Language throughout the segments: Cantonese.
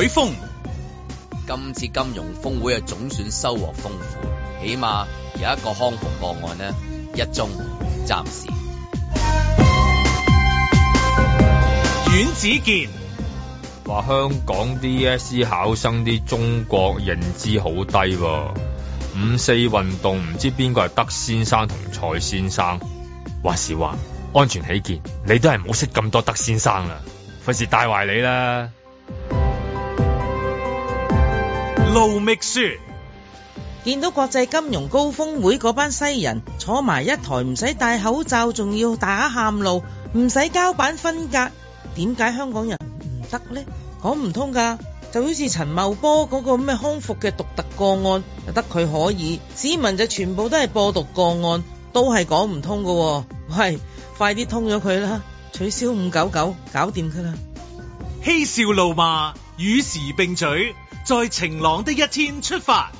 海峰，今次金融峰會啊，總算收穫豐富，起碼有一個康復個案一中暫時。阮子健話香港 DSE 考生啲中國認知好低喎，五四運動唔知邊個係德先生同蔡先生，話時話，安全起見，你都係唔好識咁多德先生啦，費事帶壞你啦。路覓說，見到國際金融高峰會嗰班西人坐埋一台，唔使戴口罩，仲要打喊路，唔使膠板分隔，點解香港人唔得呢？講唔通噶，就好似陳茂波嗰個咩「康復」嘅獨特個案，得佢可以，市民就全部都係播毒個案，都係講唔通噶。喂，快啲通咗佢啦，取消五九九，搞掂佢啦。嬉笑怒罵，與時並舉。在晴朗的一天出發。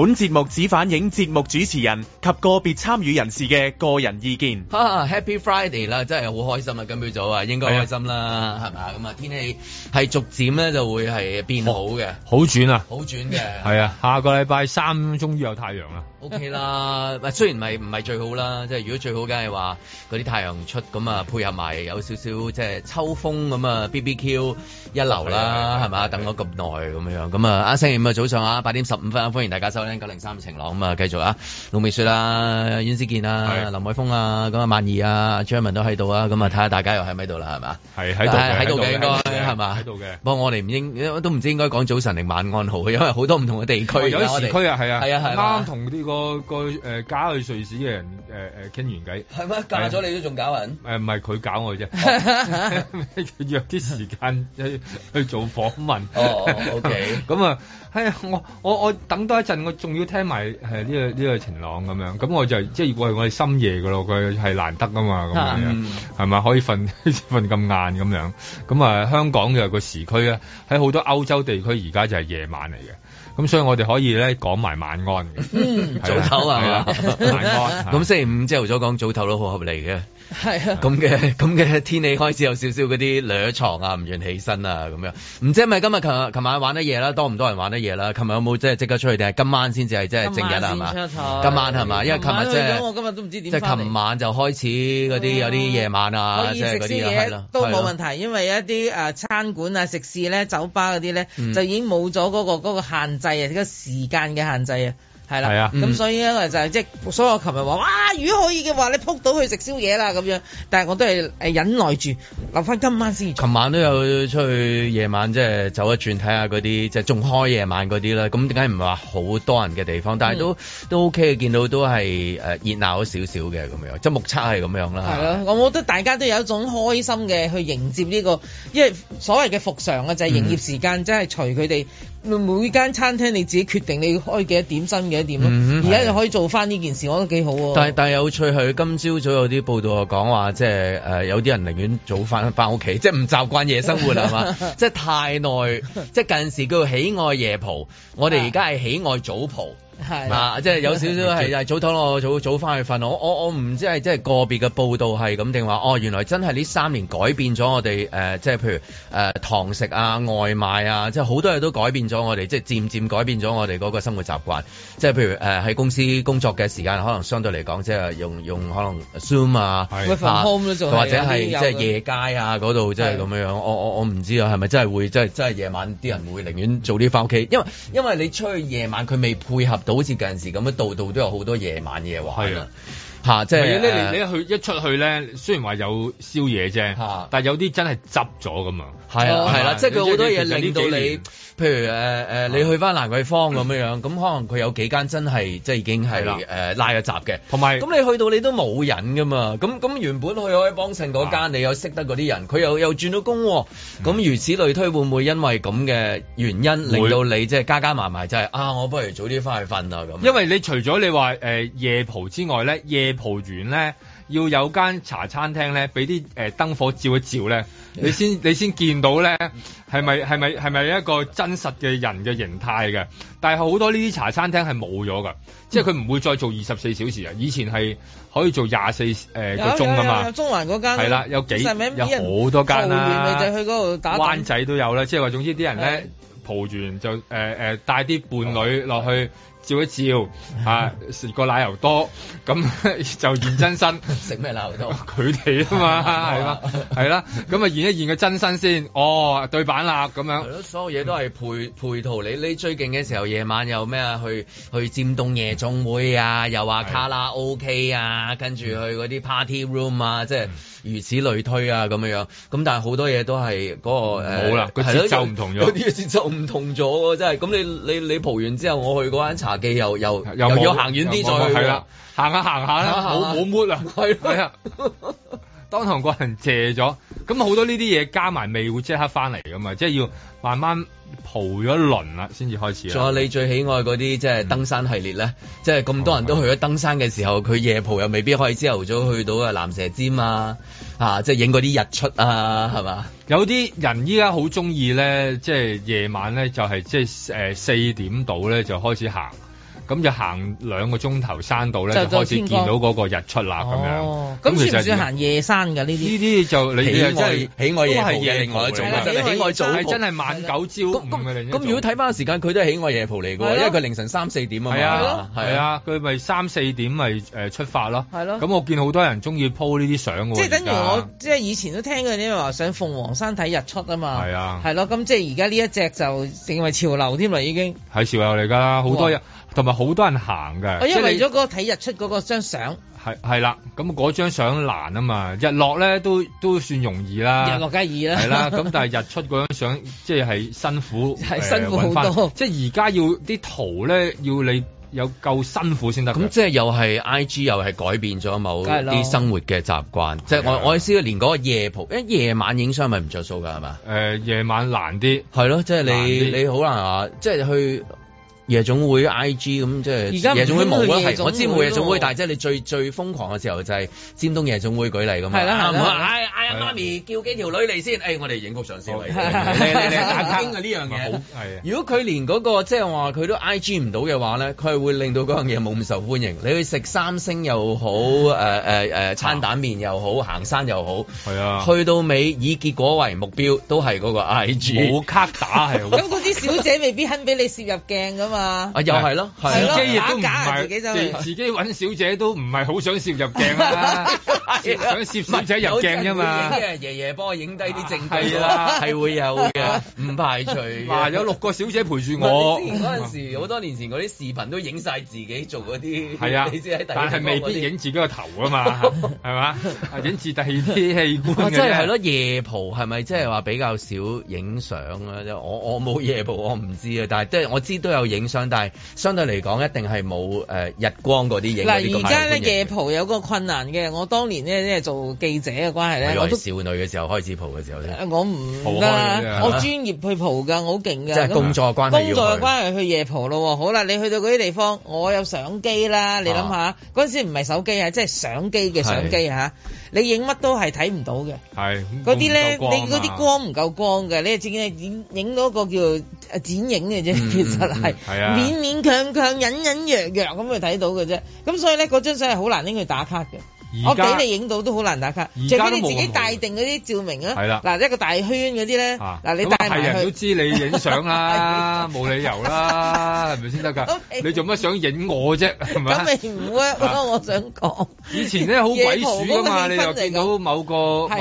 本節目只反映節目主持人及個別參與人士嘅個人意見。哈、ah，Happy Friday 啦，真係好開心啊！今朝早啊，應該開心啦，係咪啊？咁啊，天氣係逐漸咧就會係變好嘅，好轉啊，好轉嘅。係啊，啊，下個禮拜三終於有太陽啦。OK 啦，雖然係唔係最好啦，即係如果最好，梗係話嗰啲太陽出咁啊，配合埋有少少即係秋風咁啊，BBQ 一流啦，係咪啊？啊，等咗咁耐咁樣樣，咁啊，星期五啊早上啊，八點十五分啊，歡迎大家收。九零三晴朗咁啊，繼續啊，盧覓雪啊，阮子健啊，林海峰啊，咁啊萬二啊，張文都喺度啊，咁啊睇下大家又喺唔喺度啦，係嘛？係喺度嘅，喺度嘅應該係嘛？喺度嘅。不過我哋唔應，都唔知應該講早晨定晚安好，因為好多唔同嘅地區。啊、有啲時區啊，係啊，係啊，係啱啱同啲個、嗰個誒嫁去瑞士嘅人誒誒傾完偈。係咩？嫁咗你都仲搞人？唔係佢搞我啫，佢約啲時間去，去做訪問。哦，OK。 咁、哎、啊，係我我我等多一陣。仲要聽埋呢，這個呢，這個晴朗咁樣，咁我就即係如果係我哋深夜嘅咯，佢係難得啊嘛，咁樣係咪可以瞓瞓咁晏咁樣？咁啊香港嘅個時區咧，喺好多歐洲地區而家就係夜晚嚟嘅，咁所以我哋可以咧講埋晚安嘅，嗯啊，早唞係，啊 啊，晚安。咁， 啊，星期五朝頭早講早唞都好合理嘅。係啊，咁嘅咁嘅天氣開始有少少嗰啲掠床啊，唔願起身啊咁樣。唔知係咪今日琴琴晚玩得夜啦，多唔多人玩得夜啦？琴日有冇即係即刻出去定係今晚先至係即係正日係嘛？今晚係嘛、啊？因為琴日即係琴晚就開始嗰啲有啲夜晚啊，即係嗰啲係咯。都冇問題、啊，因為一啲誒餐館啊、食肆咧、酒吧嗰啲咧，就已經冇咗嗰個嗰、嗰個、限制啊，嗰個、時間嘅限制啊。係啦，咁所以咧、嗯、就係即係，所以我琴日話，哇、啊，如果可以嘅話，你撲到去食宵夜啦咁樣。但係我都係誒忍耐住，留翻今晚先。琴晚都有出去夜晚，即係走一轉，睇下嗰啲即係仲開夜晚嗰啲啦。咁點解唔係話好多人嘅地方？但係都、嗯、都 OK，見到都係誒熱鬧少少嘅咁樣。即、就、係、是、目測係咁樣啦。係咯，我覺得大家都有一種開心嘅去迎接呢、這個，因為所謂嘅復常啊，就係、是、營業時間，即係隨佢哋。就是每間餐廳你自己決定你點，點嗯、你要開幾多點心，幾多點咯。而家就可以做翻呢件事，我覺得幾好。但係但係有趣，佢今朝早有啲報道話講話，即係誒、呃、有啲人寧願早翻翻屋企，即係唔習慣夜生活係嘛？ 即係太耐，即係近時叫做喜愛夜蒲，我哋而家係喜愛早蒲。 係啊，啊，即係有少少係早唞咯，早早翻去瞓。我我我唔知係即係個別嘅報道係咁定話哦，原來真係呢三年改變咗我哋、呃、即係譬如誒堂、呃、食啊、外賣啊，即係好多嘢都改變咗我哋，即係漸漸改變咗我哋嗰個生活習慣。即係譬如誒喺、呃、公司工作嘅時間，可能相對嚟講，即係用用可能 Zoom 啊，啊或者係即係夜街啊嗰度，即係咁樣。我我我唔知啊，係咪真係會即係即係夜晚啲人會寧願早啲翻屋企，因為因為你出去夜晚佢未配合。就好似近時咁樣，度度都有好多夜晚嘢玩。嚇、啊，即係、啊、你你去一出去咧，雖然話有宵夜啫、啊，但係有啲真係執咗噶嘛。係啊，係啦，即係佢好多嘢令到你，年年譬如誒誒、啊啊啊，你去翻蘭桂坊咁樣樣，咁、嗯、可能佢有幾間真係即係已經係誒、啊、拉嘅閘嘅，同埋咁你去到你都冇人噶嘛。咁咁原本去可以幫襯嗰間，你又識得嗰啲人，佢又又轉到工、啊。咁、嗯、如此類推，會唔會因為咁嘅原因令到你即係、就是、加加埋埋，即、就、係、是、啊，我不如早啲翻去瞓啊咁。因為你除咗你話誒、呃、夜蒲之外咧，夜蒲完咧，要有間茶餐廳咧，俾啲誒燈火照一照咧，你先你先見到咧，係咪係咪係咪一個真實嘅人嘅形態嘅？但係好多呢啲茶餐廳係冇咗㗎，即係佢唔會再做二十四小時啊！以前係可以做廿四誒個鐘㗎嘛。有有有中環嗰間。係啦，有幾有好多間啦去嗰度打。灣仔都有啦，即係話總之啲人咧蒲完就誒誒、呃呃、帶啲伴侶落去。照一照， 啊食個奶油多，咁就驗真身。食 咩奶油多？佢哋啊嘛，係 啦是、啊，係 啦是、啊。咁 是啊， 啊就驗一驗佢真身先。哦，對板啦，咁樣。所有嘢都係陪 陪圖你。你最勁嘅時候，夜晚又咩啊？去去尖東夜總會啊，又話卡拉 OK 啊，啊跟住去嗰啲 party room 啊，即係如此類推啊，咁樣。咁但係好多嘢都係嗰誒誒。冇、嗯、啦，個節奏唔同咗。佢啲節奏唔同咗真係。咁你你你蒲完之後我去嗰間茶。機又又又，又要行遠啲再去啦，行下行下咧，冇冇 mood 啊？係啊，啊 當堂個人謝咗，咁好多呢啲嘢加埋未會即刻翻嚟噶嘛？即係要慢慢蒲咗一輪啦，先至開始。仲有你最喜愛嗰啲即係登山系列咧，嗯，即係咁多人都去咗登山嘅時候，佢夜蒲又未必可以朝頭早去到啊蚺蛇尖啊，啊即係影嗰啲日出啊，係、嗯、嘛？有啲人依家好中意咧，即係夜晚咧就係即係誒四點度咧就開始行。咁就行兩個鐘頭山度咧，就開始見到嗰個日出啦。咁、哦、樣，咁算唔算行夜山嘅呢啲，呢啲就你係真係喜愛夜蒲嘅另外一種。喜愛早，係真係晚九朝五嘅凌晨。咁如果睇翻時間，佢都係喜愛夜蒲嚟嘅，因為佢凌晨三四點啊嘛。係啊，係啊，佢咪三四點咪誒出發咯。係咯。咁我見好多人中意 po 呢啲相喎、啊。即、就、係、是、等於我，即係以前都聽過啲話上鳳凰山睇日出啊嘛。係啊。係咯。咁即係而家呢一隻就成為潮流添啦，已經。係潮流嚟㗎，好多日。同埋好多人行嘅、啊，因為為咗個睇日出嗰個張相。係係啦，咁嗰張相難啊嘛，日落咧都都算容易啦，日落梗易啦。係啦，咁但係日出嗰張相即係辛苦，係、係、辛苦好、呃、多即。即係而家要啲圖咧，要你有夠辛苦先得。咁即係又係 I G 又係改變咗某啲生活嘅習慣。即係我我意思，連嗰個夜蒲，因為夜晚影相咪唔着數㗎，係嘛？誒、呃，夜晚難啲。係咯，即係你你好難、啊、即係去。夜總會 I G 咁即係夜總會冇啦，我知冇夜總會，但係即係你最最瘋狂嘅時候就係尖東夜總會舉例㗎嘛。係啦，嗌阿媽咪叫幾條女嚟先，誒、哎、我哋影個相先嚟嘅，打卡啊呢樣嘢。係，如果佢連嗰、那個即係、就是、話佢都 I G 唔到嘅話咧，佢會令到嗰樣嘢冇咁受歡迎。你去食三星又好，誒誒誒餐蛋麵又好，行山又好，係啊，去到尾以結果為目標都係嗰個 I G。冇卡打係。咁嗰啲小姐未必肯俾你攝入鏡㗎嘛？啊，又係咯、啊啊，自己亦都唔係、啊，自己 自己揾小姐都唔係好想攝入鏡啦， 想攝小姐入鏡啫嘛。嘅， 爺爺幫我影低啲證據係啦，係、 啊、會有嘅，唔 排除。話，有六個小姐陪住我。嗰陣時，好多年前嗰啲視頻都影晒自己做嗰啲，係啊，但係未必影自己個頭啊嘛，係 嘛？影住第二啲器官、啊。即係係咯， 夜蒲係咪即係話比較少影相啊？我我冇夜蒲我，我唔知啊。但係即係我知都有影。相但相對嚟講，一定係冇誒日光嗰啲影。嗱，而家咧夜蒲有個困難嘅，我當年咧因為做記者嘅關係咧，我少女嘅時候開始蒲嘅時候咧，我唔㗎，我專業去蒲㗎，啊、我好勁㗎。即係工作關係要，工作嘅關係去夜蒲咯。好啦，你去到嗰啲地方，我有相機啦，你諗下，嗰、啊、陣時唔係手機啊，即係相機嘅相機嚇。你影乜都係睇唔到嘅。係嗰啲咧，你嗰啲光唔夠光嘅，你自己影影到個叫剪影嘅啫、嗯，其實係、啊、勉勉強強、隱隱約約咁去睇到嘅啫，咁所以咧嗰張相係好難拎去打卡嘅。我俾你影到都好難打卡，除非你自己帶定嗰啲照明啊。係啦，嗱、啊、一個大圈嗰啲咧，嗱、啊啊、你帶埋佢，係人都知你影相啦，冇 理由啦，係咪先得㗎？Okay. 你做乜想影我啫？咪？咁咪唔 work 咯？我想講，以前咧好鬼鼠㗎嘛，你又見到某個某個，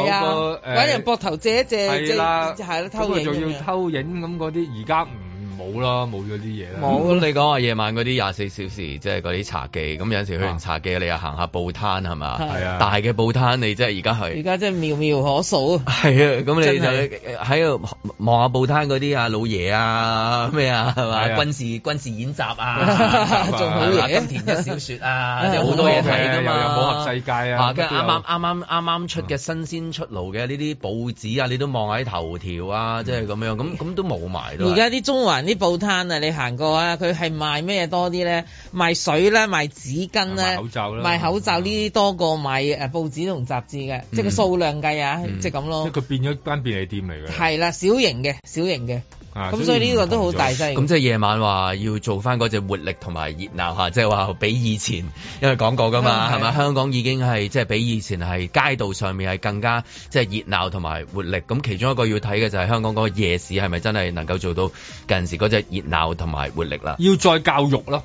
誒，揾人膊頭借一借，係係咯，偷仲、那個、要偷影咁嗰啲，而家唔。冇啦，冇咗啲嘢啦。冇、嗯，你講話夜晚嗰啲廿四小時，即係嗰啲茶記，咁有陣時去完茶記、啊，你又行下報攤係嘛？係啊。大嘅報攤你即係而家去。而家真係妙妙可數。係啊，咁你就喺度望下報攤嗰啲啊老爺啊咩啊係嘛？軍、啊、事軍事演習啊，仲、啊、 好嘢、啊。金田一小說啊， 有好多嘢睇㗎嘛。又、okay，有，有《百合世界》啊啊。啱啱啱啱啱啱出嘅新鮮出爐嘅呢啲報紙啊，你都望喺頭條啊，即係咁樣咁咁、嗯、都冇埋。而家啲中環。啲報攤啊，你行過啊？佢係賣咩多啲咧？賣水啦、啊，賣紙巾咧、啊，賣口罩啦，賣口罩呢啲多過賣誒報紙同雜誌嘅、嗯，即係個數量計啊，嗯、即係咁咯。即係佢變咗間便利店嚟嘅，係啦，小型嘅，小型嘅。咁、啊嗯、所以呢個都好大劑。咁、嗯、即係夜晚話要做返嗰隻活力同埋熱鬧吓，即係話比以前，因為講過㗎嘛，係、啊、咪、啊、香港已經係即係比以前係街道上面係更加即係、就是、熱鬧同埋活力？咁其中一個要睇嘅就係香港嗰個夜市係咪真係能夠做到近時嗰隻熱鬧同埋活力啦？要再教育啦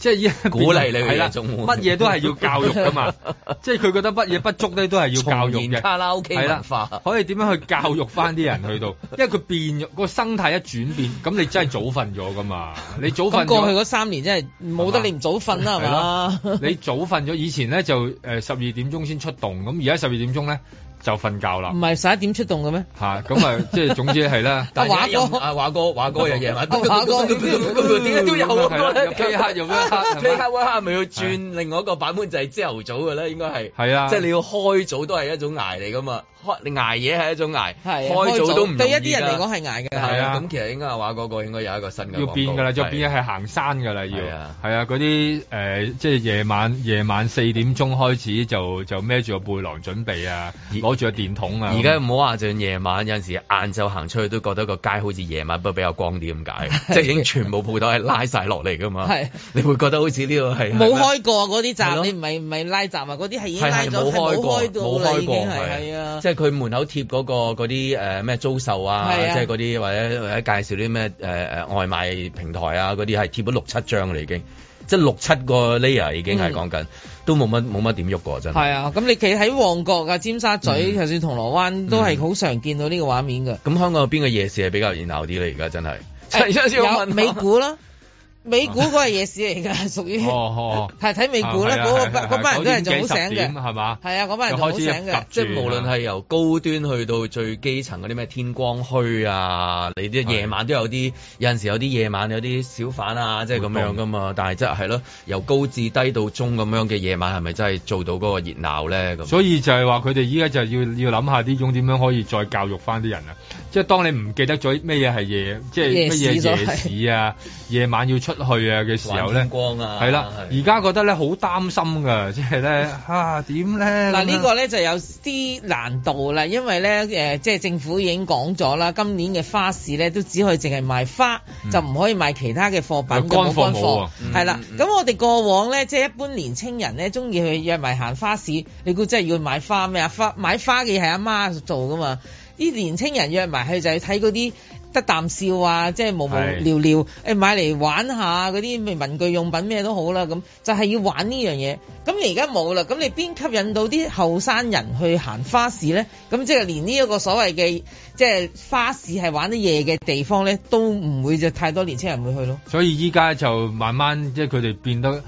即係依個鼓勵你係啦，乜嘢都係要教育噶嘛。 即係佢覺得乜嘢不足咧，都係要教育嘅。從前卡拉 OK 文化，啦，可以點樣去教育翻啲人去到？ 因為佢變、個生態一轉變，咁 你真係早瞓咗噶嘛？你早瞓咗。過去嗰三年真係冇得你唔早瞓啦，係咪？你早瞓咗。以前咧就誒十二點鐘先出動，咁而家十二點鐘咧，就瞓覺啦。唔係十一點出動嘅咩？嚇咁啊，即係、e, 總之係咧、 啊。華哥啊，華哥，華哥日華哥。華哥點都，都， 都，都，都有呢啊！P 黑又咪要轉另外一個版本、啊、就係朝頭早嘅咧，應該係。係啊，即係你要開早都係一種捱嚟㗎嘛。你捱夜係一種捱，啊、開早都唔對一啲人嚟講係捱㗎。係啊，啊，咁其實應該係華哥個應該有一個新嘅要變㗎啦，再變咗係行山㗎啦要。係啊，是啊 as、呃，嗰啲誒即係夜晚夜晚四點鐘開始就就孭住個背囊準備啊！攞住個電筒啊！而家唔好話像夜晚，有陣時晏晝行出去都覺得個街好似夜晚，不過比較光啲咁解， 即係已經全部鋪頭係拉晒落嚟㗎嘛。係 你會覺得好似呢個係冇開過嗰啲閘，你唔係唔係拉閘啊？嗰啲係已經拉咗，冇開過，冇開過係啊！即係佢門口貼嗰、嗰個嗰啲誒咩租售啊，即係嗰啲或者誒介紹啲咩誒誒外賣平台啊，嗰啲係貼咗六七張嚟已經。即係六七個 layer 已經係講緊，都冇乜冇乜點喐過真係。係啊，咁你企喺旺角啊、尖沙咀，就、嗯、算銅鑼灣都係好常見到呢個畫面嘅。咁、嗯、香港有邊個夜市係比較熱鬧啲咧？而家真係美股啦。欸 美股嗰個夜市嚟㗎，係 屬於係睇美股啦。嗰個嗰班人仲好醒嘅，係嘛？係啊，嗰、啊、班、啊那個啊啊那個啊、人好醒嘅、啊啊。即係無論係由高端去到最基層嗰啲咩天光墟啊，你啲夜晚都有啲有陣時有啲夜晚有啲小販啊，即係咁樣㗎嘛。但係真係咯，由高至低到中咁樣嘅夜晚係咪真係做到嗰個熱鬧咧？咁所以就係話佢哋依家就要要諗下呢種點樣可以再教育返啲人啊！即係當你唔記得咗咩嘢係夜，即係咩嘢夜市啊，夜，夜晚要出出去啊嘅時候咧，係啦、啊，而家覺得咧好擔心㗎，即係咧啊點咧？嗱呢、啊呢個咧就有啲難度啦，因為咧誒，即、呃、係政府已經講咗啦，今年嘅花市咧都只可以淨係賣花，嗯、就唔可以賣其他嘅貨品嘅、嗯、乾貨冇啊，係、嗯、啦。咁、嗯、我哋過往咧，即、就、係、是、一般年青人咧，中意去約埋行花市，你估真係要買花咩啊？花買花嘅係阿媽做㗎嘛，啲年青人約埋去就係睇嗰啲。得啖笑啊！即係無無聊聊，誒、哎、買嚟玩下嗰啲咩文具用品咩都好啦咁，就係要玩呢樣嘢。咁你而家冇啦，咁你邊吸引到啲後生人去行花市咧？咁即係連呢一個所謂嘅即係花市係玩得夜嘅地方咧，都唔會就太多年青人會去咯。所以依家就慢慢即係佢哋變得。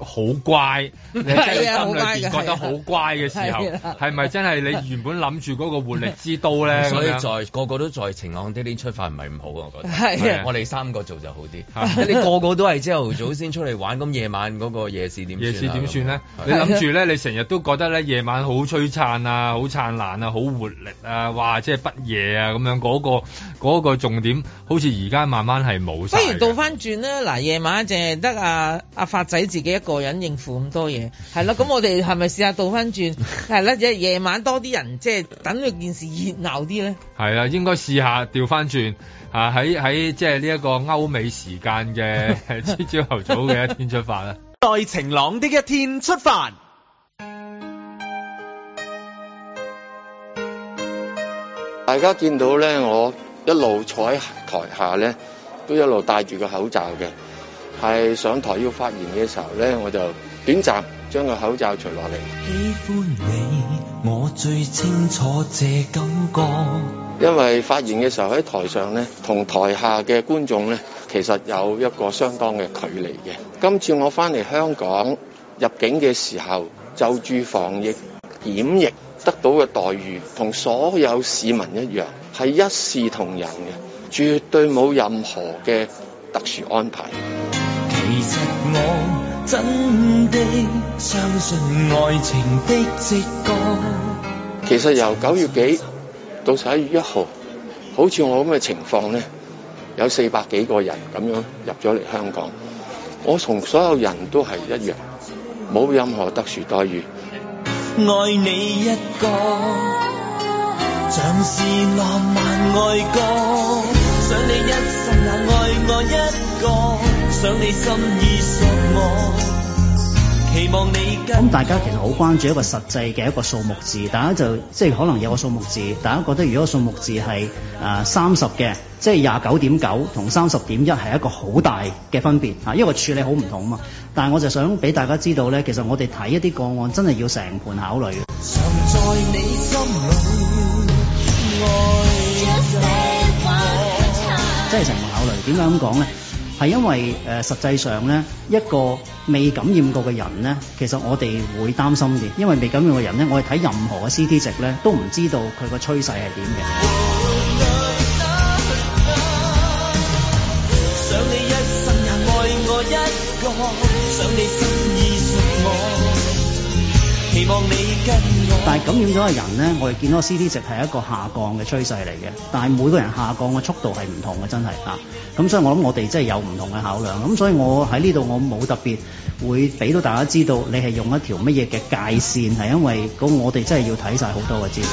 好乖，你真係心裏覺得好乖嘅時候，係咪、啊啊、真係你原本諗住嗰個活力之都咧？所以在個個都在晴朗啲啲出發，唔係唔好，我覺得。係、啊，我哋三個做就好啲、啊。你個個都係朝頭早先出嚟玩，咁 夜晚嗰個夜市點？夜市點算咧？你諗住咧？你成日都覺得咧，夜晚好璀璨啊，好燦爛啊，好、啊、活力啊，哇即係不夜啊咁樣、那個。嗰、那個嗰重點好似而家慢慢係冇。不如倒翻轉啦！嗱、啊，夜晚淨係得阿阿發仔自己一。個人應付咁多嘢，係咯，咁我哋係咪試下倒翻轉，係 啦，即係夜晚多啲人，即係等佢件事熱鬧啲咧。係 啊，應該試下調翻轉啊！喺喺即係呢一個歐美時間嘅朝頭早嘅一天出發啊！在晴朗的一天出發， 出發大家見到咧，我一路坐喺台下咧，都一路戴住個口罩嘅。係上台要發言嘅時候呢，我就短暫將個口罩除落嚟。喜歡你，我最清楚呢種感覺。因為發言嘅時候喺台上呢，同台下嘅觀眾呢，其實有一個相當嘅距離嘅。今次我翻嚟香港入境嘅時候，就住防疫檢疫得到嘅待遇，同所有市民一樣，係一視同仁嘅，絕對冇任何嘅特殊安排。其實我真的相信愛情的直覺。其實由九月幾到十一月一號，好似我咁嘅情況咧，有四百幾個人咁樣入咗嚟香港。我同所有人都係一樣，冇任何特殊待遇。愛你一個，像是浪漫愛歌，想你一生也愛我一個。期望你咁，大家其實好關注一個實際嘅一個數目字，大家就即係、就是、可能有個數目字，大家覺得如果數目字係誒三十嘅，即係廿九點九同三十點一係一個好大嘅分別吓，因為處理好唔同啊嘛。但係我就想俾大家知道咧，其實我哋睇一啲個案真係要成盤考慮，想在你心裡愛我，即係成盤考慮。點解咁講咧？係因為誒、呃、實際上咧，一個未感染過嘅人咧，其實我哋會擔心嘅，因為未感染嘅人咧，我哋睇任何嘅 CT 值咧，都唔知道佢個趨勢係點嘅。跟但係感染咗嘅人咧，我哋見到 CT 值係一個下降嘅趨勢嚟嘅，但係每個人下降嘅速度係唔同嘅，真係啊。咁所以我諗我哋真係有唔同嘅考量。咁所以我喺呢度我冇特別會俾到大家知道你係用一條乜嘢嘅界線，係因為咁我哋真係要睇曬好多嘅資料。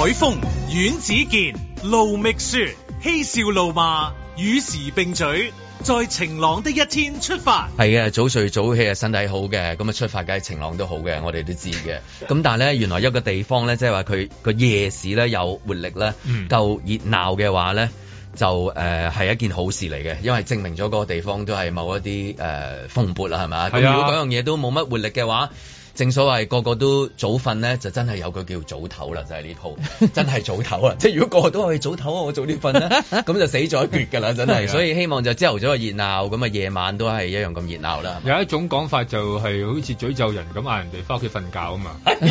海風、阮子健、盧覓雪，嬉笑怒罵，與時並嘴，在晴朗的一天出發。係啊，早睡早起啊，身體好嘅，咁啊出發梗係晴朗都好嘅，我哋都知嘅。咁 但係咧，原來一個地方咧，即係話佢個夜市咧有活力咧，夠熱鬧嘅話咧，就誒係、呃、一件好事嚟嘅，因為證明咗嗰個地方都係某一啲誒蓬勃啦，係、呃、咪？係啊。咁如果嗰樣嘢都冇乜活力嘅話，正所謂個個都早瞓咧，就真係有個叫早唞啦，就係呢鋪，真係早唞啦。 即係如果個個都話去、欸、早唞啊，我早啲瞓啦，咁 就死咗一橛噶啦，真係。 所以希望就朝頭早嘅熱鬧，咁啊夜晚都係一樣咁熱鬧啦。有一種講法就係好似詛咒人咁嗌人哋翻屋企瞓覺啊嘛，唔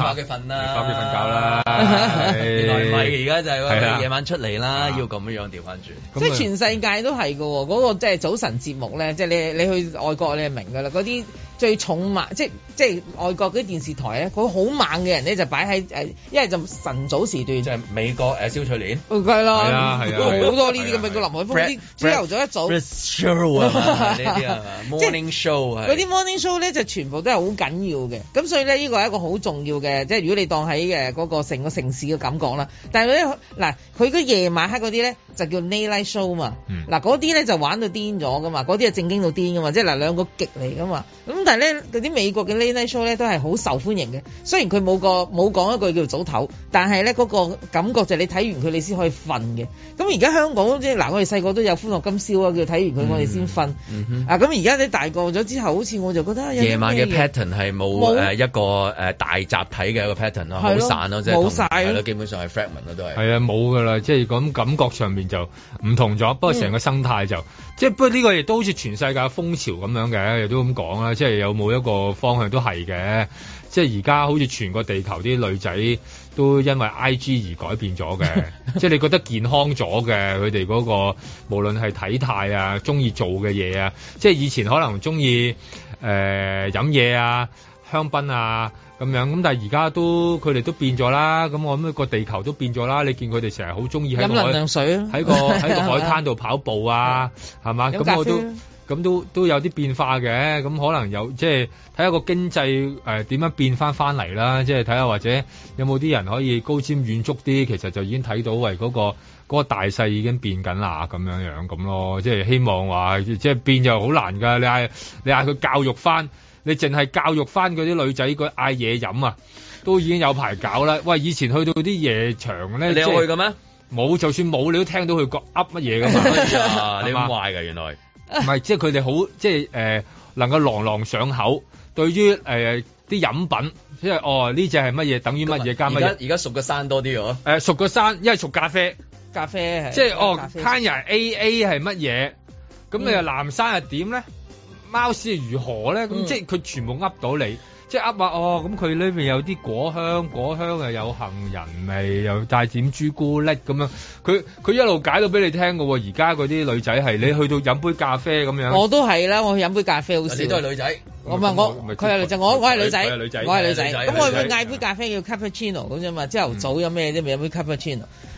好佢瞓啦，翻屋企瞓覺啦。而 家睡 原來就係夜晚出嚟啦，要咁樣樣調翻轉。 即係全世界都係噶，嗰、嗰個即係早晨節目咧， 即係你你去外國你係明噶啦，嗰啲。最重猛即即外國啲電視台咧，佢好猛嘅人咧就擺喺誒，一係就晨早時段，就係美國誒蕭翠蓮，係、嗯、咯，好、啊啊、多呢啲咁樣，個、啊啊啊啊、林海峰朝頭早一早，早啊呢啲啊， 這些 即 morning show 啊。嗰啲 morning show 咧就全部都係好緊要嘅，咁所以咧呢個係一個好重要嘅，即係如果你當喺誒嗰個成個城市嘅感覺啦。但係咧嗱，佢嘅夜晚黑嗰啲咧就叫 night show 嘛，嗱嗰啲咧就玩到癲咗噶嘛，嗰啲係正經到癲噶嘛，即係嗱兩個極嚟噶嘛，咁但係咧嗰啲美國嘅 late night show 咧都係好受歡迎嘅，雖然佢冇個冇講一句叫做早唞，但係咧嗰個感覺就你睇完佢你先可以瞓嘅。咁而家香港即係嗱、呃，我哋細個都有歡樂今宵啊，叫睇完佢我哋先瞓。啊，咁而家你大個咗之後，好似我就覺得夜晚嘅 pattern 係冇、呃、一個大集體嘅一個 pattern 咯、啊，好散咯，即係冇曬基本上係 fragment 咯都係。係啊，冇噶啦，即係咁感覺上面就唔同咗。不過成個生態就～、嗯即係不過呢個亦都好似全世界風潮咁樣嘅，亦都咁講啦。即係有冇一個方向都係嘅。即係而家好似全個地球啲女仔都因為 IG 而改變咗嘅。 即係你覺得健康咗嘅，佢哋嗰個無論係體態啊，中意做嘅嘢啊，即係以前可能中意誒飲嘢啊、香檳啊。咁樣，咁但係而家都佢哋都變咗啦，咁我諗個地球都變咗啦。你見佢哋成日好中意喺個喺個喺 個海灘度跑步啊，係 嘛？咁我 都咁都都有啲變化嘅，咁可能有即係睇下個經濟誒點、呃、樣變翻翻嚟啦，即係睇下或者有冇啲人可以高瞻遠矚啲，其實就已經睇到喂嗰、嗰個嗰、嗰個、大勢已經變緊啦咁樣樣咁咯，即係希望話即係變就好難㗎。你嗌你嗌佢教育翻。你淨係教育翻嗰啲女仔，佢嗌嘢飲啊，都已經有排搞啦。喂，以前去到啲夜場咧，你要去嘅咩？冇，就算冇，你都聽到佢噏乜嘢噶嘛？ 你咁壞噶原來，唔係，即係佢哋好，即係誒、呃，能夠朗朗上口。對於誒啲飲品，即係哦，呢隻係乜嘢？等於乜嘢加乜嘢？而家熟個山多啲嗬？誒、呃，熟個山，因為熟咖啡，咖啡係。即係哦，tanner a a 係乜嘢？咁你話南山係點咧？貓屎係如何咧？咁、嗯嗯、即係佢全部噏到你，即係噏啊！哦，咁佢呢邊有啲果香，果香啊，有杏仁味，又帶點朱古力咁樣。佢佢一路解到俾你聽嘅。而家嗰啲女仔係你去到飲杯咖啡咁樣，我都係啦，我去飲杯咖啡好。似都係女，女仔，我唔係我，佢係女，女仔，我我係女仔，我係女仔。咁我嗌杯咖啡叫 cappuccino 咁啫嘛，朝頭早有咩啫？咪、嗯、飲杯 cappuccino。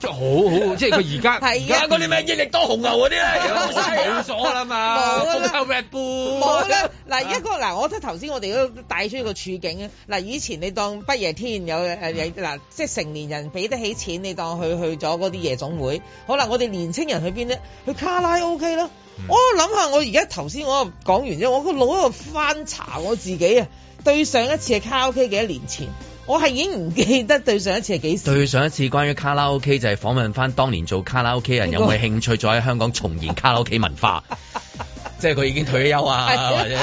即係好好，即係佢而家，佢嗰啲咩益力多紅牛嗰啲咧，冇咗啦嘛， 啦紅包 Red Bull。冇啦，嗱 一個嗱，我覺得頭先我哋都帶出一個處境啊，嗱以前你當不夜天有誒嗱 即係成年人俾得起錢，你當去去咗嗰啲夜總會，好啦，我哋年青人去邊咧？去卡拉 OK 囉。 我諗下，我而家頭先我講完啫，我個腦喺度翻查我自己啊，對上一次嘅卡拉 OK 幾多年前？我係已經唔記得對上一次係幾時。對上一次關於卡拉 OK 就係訪問翻當年做卡拉 OK 人，有冇興趣再喺香港重現卡拉 OK 文化。即係佢已經退咗休啊，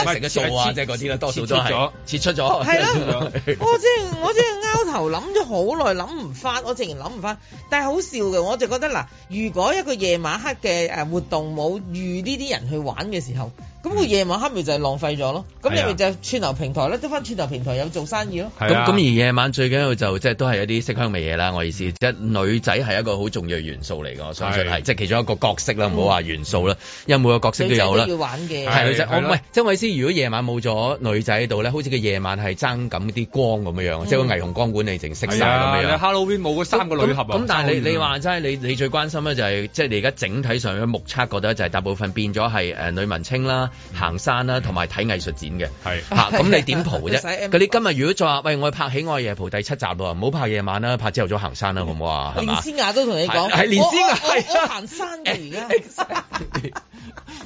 或者食咗餸啊，即係嗰啲啦，多數都係撤出咗。係啦、啊啊、 我即係我即係拗頭諗咗好耐，諗唔翻，我直然諗唔翻。但係好笑嘅，我就覺得嗱，如果一個夜晚黑嘅誒活動冇預呢啲人去玩嘅時候。咁個夜晚黑咪就係浪費咗咯？咁你咪就係串流平台咧，得翻、啊、串流平台有做生意咯。咁咁、啊、而夜晚最緊要就係、即係都係一啲色香味嘢啦。我意思、嗯、即係女仔係一個好重要嘅元素嚟㗎，我相信係即係其中一個角色啦。唔好話元素啦，因為每個角色都有啦。要玩嘅係女仔。我唔係，即係我意思，如果夜晚冇咗女仔喺度咧，好似個夜晚係爭緊啲光咁樣樣，即係個霓虹光管你淨熄晒咁樣啊！Halloween 冇嗰三個女俠啊！咁但係你你話真係你你最關心咧就係即係你而家整體上嘅目測覺得就係大部分變咗係誒女文青啦。行山啦，啊，同埋睇藝術展嘅，係吓，咁，啊、你點蒲啫？佢哋今日如果再話，喂，我拍《喜愛夜蒲》第七集咯，唔好拍夜晚啦，啊，拍朝頭早行山啦，啊，好唔好啊？連詩雅都同你講，係連詩雅，我行山嘅而家，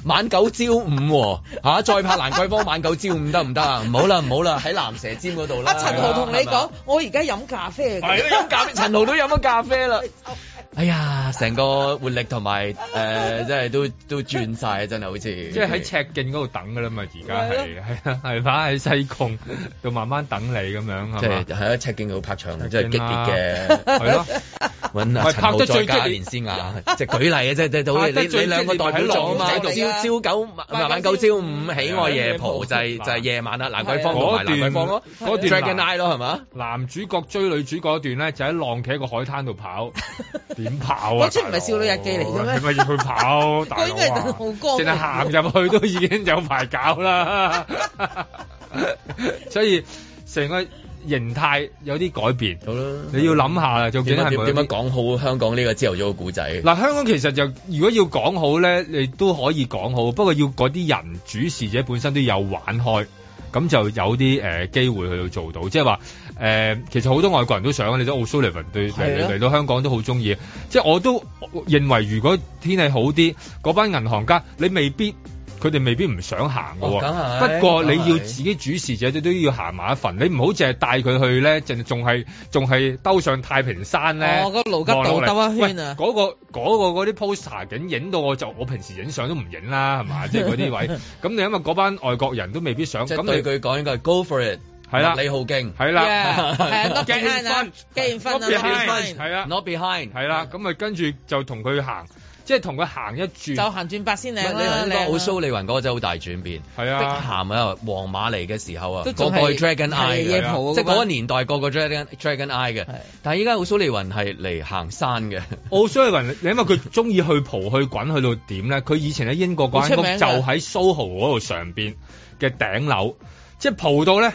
晚九朝五吓，再拍蘭桂坊晚九朝五得唔得啊？唔好啦，唔好啦，喺藍蛇尖嗰度啦。阿，啊、陳豪同你講，我而家飲咖啡嘅，飲咖啡，陳豪都飲咗咖啡啦。 哎呀，成個活力同埋誒，真係都都轉晒，真係好似即係喺赤徑嗰度等㗎啦嘛，而家係係係，反喺西貢，就慢慢等你咁樣係嘛？喺赤徑度拍場，真係激烈嘅，係咯。揾阿陳浩再激烈先啊！即係舉例啊，即係即係，你你，你兩個代表作啊嘛？朝九晚晚九朝五，喜愛夜蒲就係就係夜晚啊！蘭桂坊同埋蘭桂坊咯，嗰段咯係嘛？男主角追女主段咧，就喺浪企喺個海灘度跑。啊就是點跑啊？嗰出唔係《少女日記》嚟嘅咩？點解要去跑？個 應該係鄧浩光。淨係行入去都已經有排搞啦。 所以成個形態有啲改變。好啦，你要諗下啦。究竟係點樣講好香港呢個朝頭早嘅故仔？嗱，香港其實就如果要講好咧，你都可以講好。不過要嗰啲人主事者本身都有玩開，咁就有啲誒機會去做到，即係話。誒、呃，其實好多外國人都想，你睇奧蘇利文對嚟嚟、啊、到香港都好中意。即係我都認為，如果天氣好啲，嗰班銀行家你未必，佢哋未必唔想行㗎喎。不過你要自己主事者都都要行埋一份，你唔好淨係帶佢去咧，淨仲係仲係兜上太平山咧。哦，個盧吉道兜一圈啊！嗰、那個嗰啲 poster 景影到我就我平時影相都唔影啦，係 嘛？即係嗰啲位。咁你因為嗰班外國人都未必想，咁你佢講應該係 Go for it。係啦，李浩勁，係啦，係 not behind，not behind，係啦，not behind，係啦，咁咪跟住就同佢行，即係同佢行一轉，就行轉八仙嶺啦。你講奧蘇利雲嗰個真係好大轉變，係啊，碧咸啊，皇馬嚟嘅時候啊，個個 dragon eye 即係嗰個年代個個 dragon dragon eye 嘅，但係依家奧蘇利雲係嚟行山嘅。奧蘇利雲，你諗下佢中意去蒲去滾去到點咧？佢以前喺英國嗰間屋就喺 soho 嗰度上邊嘅頂樓，即係蒲到咧。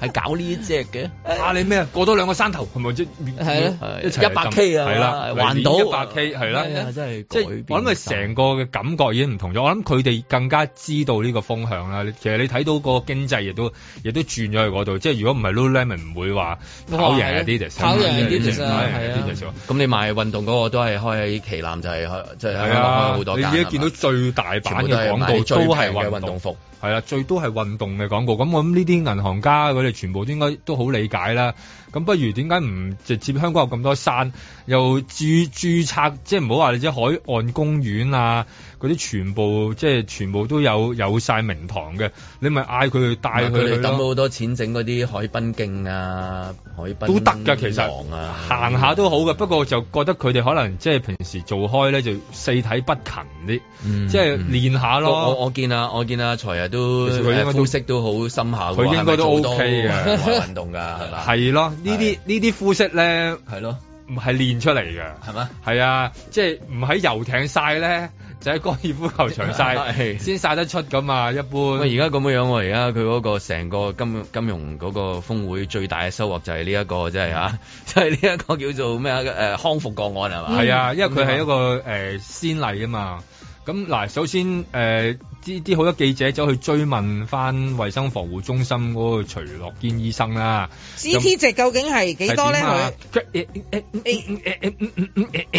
係 搞呢隻嘅，啊你咩啊？過多兩個山頭，係咪即係一百 K 啊？係啦、啊，環、啊啊、島一百 K，係啦，真係即、就是、我諗佢成個嘅感覺已經唔同咗。我諗佢哋更加知道呢個風向啦。其實你睇到個經濟亦都亦都轉咗去嗰度。即係如果唔係 Lululemon 唔會話跑贏啲、啊，就、啊、跑贏啲、啊，就少、啊，咁、啊啊啊啊啊啊啊啊、你賣運動嗰個都係開喺旗艦，就係即係，係、就是、啊，就是、開好多間，你依家見到最大版嘅廣告都係賣最大嘅運動服。係啦，最多係運動嘅廣告。咁我諗呢啲銀行家佢哋全部都應該都好理解啦。咁不如點解唔直接香港有咁多山，又注註冊，即係唔好話你啲海岸公園啊，嗰啲全部即係全部都有有曬名堂嘅。你咪嗌佢帶佢哋咯。揼好多錢整嗰啲海濱徑啊，海濱、啊、都得㗎，其實行下都好嘅。不過就覺得佢哋可能即係平時做開咧，就四體不勤啲、嗯，即係練下咯。嗯、我我見啊，我見啊，財爺應該都佢啲膚色都好深下，佢應該都 O K 啊，係咪做運動噶係嘛？係、嗯、咯，呢啲呢啲膚色咧，係咯，唔係練出嚟噶，係咪？係啊，即係唔喺遊艇曬咧，就喺高爾夫球場曬，先 曬得出㗎嘛！一般，而家咁嘅樣、啊，而家佢嗰個成個金金融嗰個峰會最大嘅收穫就係呢一個即係吓，就係呢一個叫做咩啊？誒、呃，康復個案係嘛？係啊、嗯，因為佢係一個誒、呃、先例啊嘛。咁嗱、呃，首先誒。呃呢啲好多記者走去追問翻衞生防護中心嗰個徐樂堅醫生啦。C T 值究竟係幾多咧？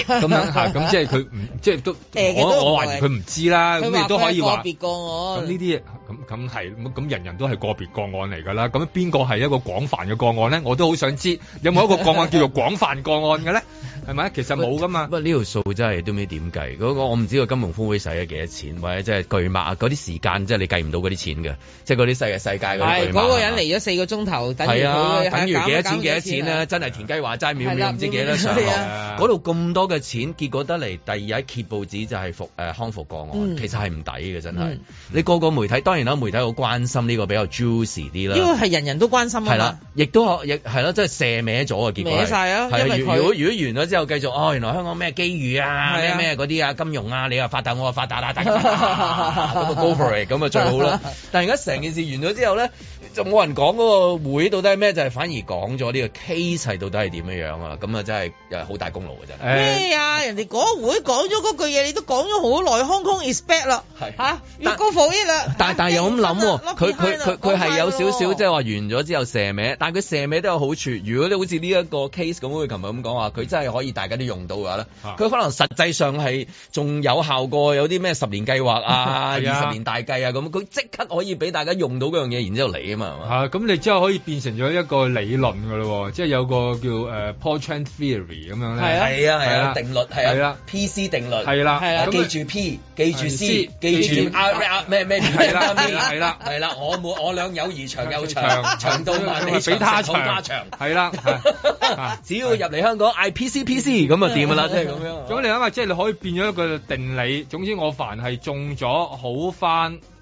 咁樣嚇、啊，咁即係佢唔即係都我我懷疑佢唔知啦。咁你都可以話個別個案。咁呢啲咁咁係咁，人人都係個別個案嚟㗎啦。咁邊個係一個廣泛嘅個案咧？我都好想知有冇一個個案叫做廣泛個案嘅咧？ 係咪？其實冇㗎嘛。這不過呢條數真係都唔知點計。嗰個我唔知個金融峰會使咗幾多錢，或者即係巨擘啊！嗰啲時間即係，就是，你計唔到嗰啲錢嘅，即係嗰啲世世界嗰啲巨，那個人嚟咗四個鐘頭，啊，等於等於幾多錢？幾多錢咧，啊啊？真係田雞話齋，秒秒唔知幾多上落。嗰度咁多嘅錢，結果得嚟第二日，啊、揭報紙就係復，呃、康復個案，其實係唔抵嘅，真係，嗯。你個個媒體當然啦，啊，媒體好關心呢個比較 juicy 啲啦。因為係人人都關心。係啦，亦都可係咯，即係射咗啊！結果歪如果完咗之又繼續哦，原來香港咩機遇啊，咩咩嗰啲啊，金融啊，你又發達，我又發達啦，大家嗰個 governor 咁啊 最好啦。 但係而家成件事完咗之後咧。就冇人講嗰個會到底係咩？就係、是、反而講咗呢個 case 到底係點樣啊？咁啊真係誒好大功勞嘅、啊、真。咩啊？人哋嗰會講咗嗰句嘢，你都講咗好耐，Hong Kong is back 啦。係嚇、啊，越但、啊、但又咁諗喎，佢佢佢佢係有少少即係話完咗之後射尾，但係佢射尾都有好處。如果你好似呢一個 case 咁，佢琴日咁講話，佢真係可以大家都用到嘅話咧，佢、啊、可能實際上係仲有效過有啲咩十年計劃啊、二 十年大計啊咁，佢即刻可以俾大家用到嗰樣嘢，然之後嚟啊嘛。 啊！咁你之後可以變成咗一個理論噶咯，即係有個叫誒 Port Trend Theory 咁樣咧。係啊係啊，啊定律係啊，啊 PC 定律係啦係啦，記住 P 記住 C 記住 R 咩咩，係啦係啦係啦，我冇我兩友誼長又長，長到你比他長，係啦，只要入嚟香港嗌 P C P C 咁就掂啦，即係咁樣。總之你諗下，即係你可以變咗一個定理。總之我凡係中咗好翻。啊啊啊啊啊啊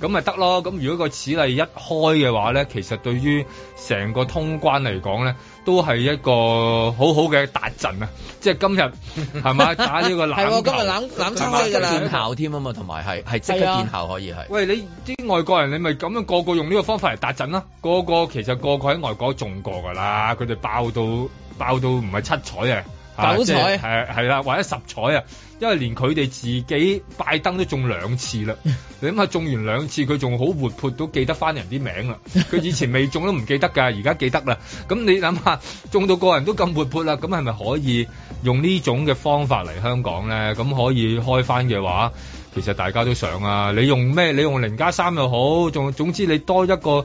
咁咪得咯，咁如果個此例一開嘅話咧，其實對於成個通關嚟講咧，都係一個好好嘅達陣啊！即係今日係咪打呢個冷，係 喎、啊、今日冷冷山雞㗎啦，即係見效添啊嘛，同埋係係即刻見效可以係、啊。喂，你啲外國人，你咪咁樣個個用呢個方法嚟達陣啦、啊，個個其實個個喺外國種過㗎啦，佢哋爆到爆到唔係七彩啊！九、啊、彩，係係啦，或者十彩啊，因為連佢哋自己拜登都中兩次啦。 你諗下，中完兩次佢仲好活潑，都記得翻人啲名啦。佢以前未中都唔記得噶，而家記得啦。咁你諗下，中到個人都咁活潑啦，咁係咪可以用呢種嘅方法嚟香港咧？咁可以開翻嘅話，其實大家都想啊。你用咩？你用零加三又好，仲總之你多一個。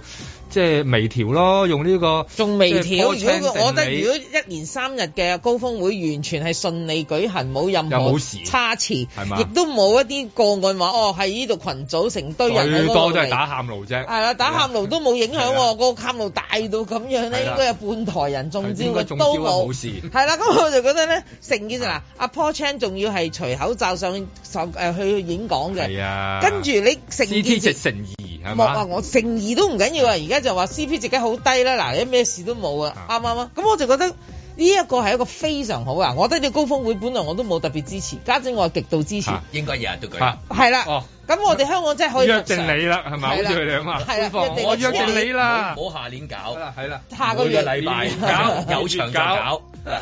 即係微調咯，用呢、這個仲微調。就是、如果我覺得如果一連三日嘅高峰會完全係順利舉行，冇任何差池，係亦都冇一啲個案話。哦，係呢度群組成堆人好多都係打喊路啫。係啦、啊，打喊路都冇影響。啊那個喊路大到咁樣咧、啊，應該有半台人中、啊、招嘅都冇事。係啦，咁、啊、我就覺得咧，成件事嗱、啊，阿、啊啊、Paul Chan 仲要係除口罩上上去演講嘅。啊，跟住你成件事成莫啊！我誠意都唔緊要啊，而家就話 C P 值己好低啦。嗱，啲咩事都冇啊，啱唔啱啊？咁我就覺得呢一個係一個非常好啊！我覺得呢高峰會本來我都冇特別支持，家陣我極度支持，應該日日都舉。係啦，咁我哋香港真係可以、啊、約定你啦，係咪？啊、好似佢哋咁，我約定你啦，唔好下年搞，係啦，下個月禮拜搞，有場就搞。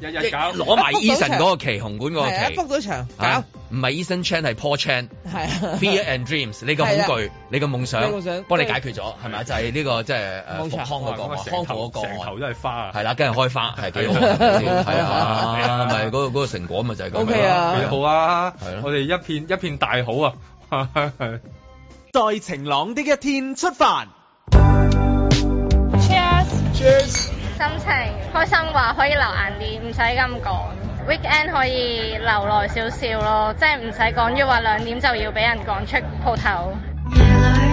日日搞攞埋 Eason 嗰、那個旗，紅館嗰個旗，book 到場。唔係 Eason Chan，係 Paul Chan、啊。係 Fear and Dreams，你個恐懼，你個夢想，幫、啊、你解決咗，係咪、啊啊、就係呢個即係復康嗰個，就是啊、福康復嗰、那個，成頭、那個、頭都係花啊！係啦、啊，跟住開花，係幾好啊！係啊，咪嗰個、啊啊啊啊那個那個成果咪就係咁咯。幾、okay、好啊！我哋一片一片大好啊！在晴朗的一天出發。心情開心嘅話可以留晏啲，唔使咁講。Weekend 可以留耐少少咯，即係唔使講要話兩點就要俾人趕出鋪頭。Yeah.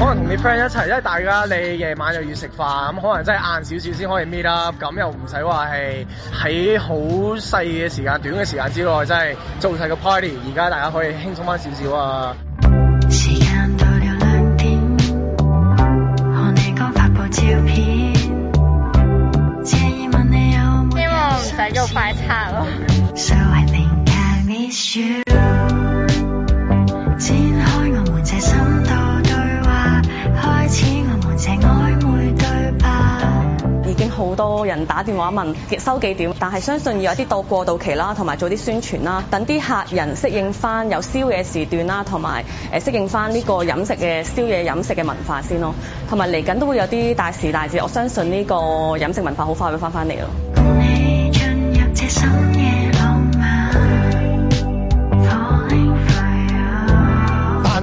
可能同你 friend 一齊，因為大家你夜晚又要食飯，咁可能真係晏少少先可以 meet 啦，咁又唔使話係喺好細嘅時間、短嘅時間之內，真係做晒個 party。而家大家可以輕鬆翻少少啊！時間到了兩好多人打電話問收幾點，但係相信要有啲到過渡期啦，同埋做啲宣傳啦，等啲客人適應翻有宵夜時段啦，同埋誒適應翻呢個飲食嘅宵夜飲食嘅文化先咯，同埋嚟緊都會有啲大時大節，我相信呢個飲食文化好快會翻返嚟咯。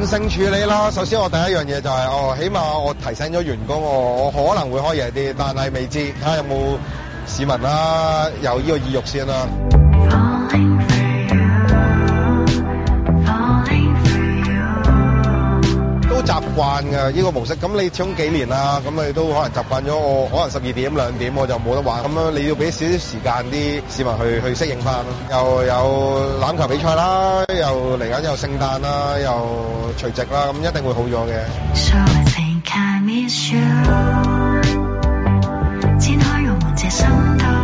性處理啦，首先我第一樣嘢就係、是、哦，起碼我提醒咗員工哦，我可能會開夜啲，但係未知睇下有冇市民啦、啊、有呢個意欲先啦、啊。都習慣㗎，依個模式，咁你充幾年啦，咁你都可能習慣咗。我可能十二點兩點我就冇得玩，咁樣你要俾少少時間啲市民去去適應翻。又有籃球比賽啦，又嚟緊又聖誕啦，又除夕啦，咁一定會好咗嘅。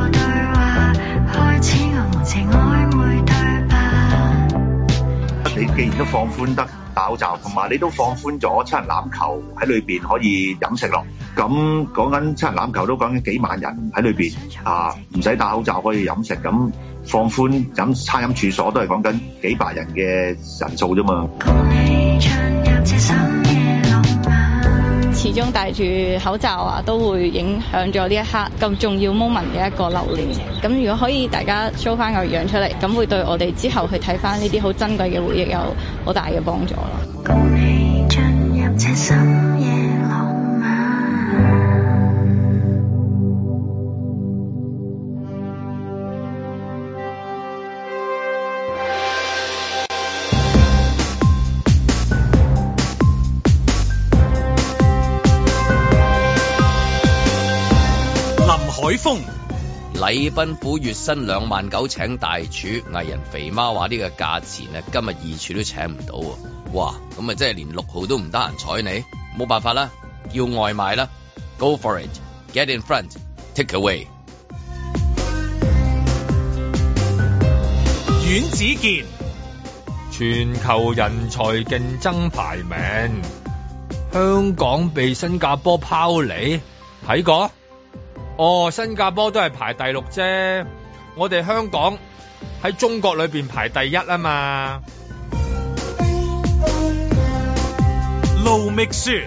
你既然都放寬得戴口罩，同埋你都放寬咗七人欖球喺裏面可以飲食咯。咁講緊七人欖球都講緊幾萬人喺裏面，啊，唔使戴口罩可以飲食。咁放寬飲餐飲處所都係講緊幾百人嘅人數啫嘛。始終戴住口罩啊，都會影響咗呢一刻咁重要 moment 嘅一個留念。咁如果可以大家 show 翻個樣出嚟，咁會對我哋之後去睇翻呢啲好珍貴嘅回憶有好大嘅幫助囉。恭喜禮賓府月薪兩萬九，請大廚。藝人肥媽話呢個價錢咧，今日二廚都請唔到。哇，咁啊真係連六號都唔得閒睬你，冇辦法啦，叫外賣啦。Go for it, get in front, take away。阮子健，全球人才競爭排名，香港被新加坡拋離，睇過？哦，新加坡都係排第六啫，我哋香港喺中國裏邊排第一啊嘛。路覓書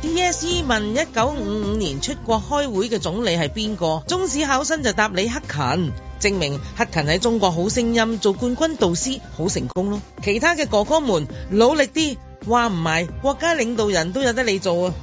DSE 問一九五五年出國開會嘅總理係邊個？中史考生就答李克勤，證明克勤喺中國好聲音做冠軍導師好成功咯。其他嘅哥哥們努力啲，話唔埋國家領導人都有得你做啊！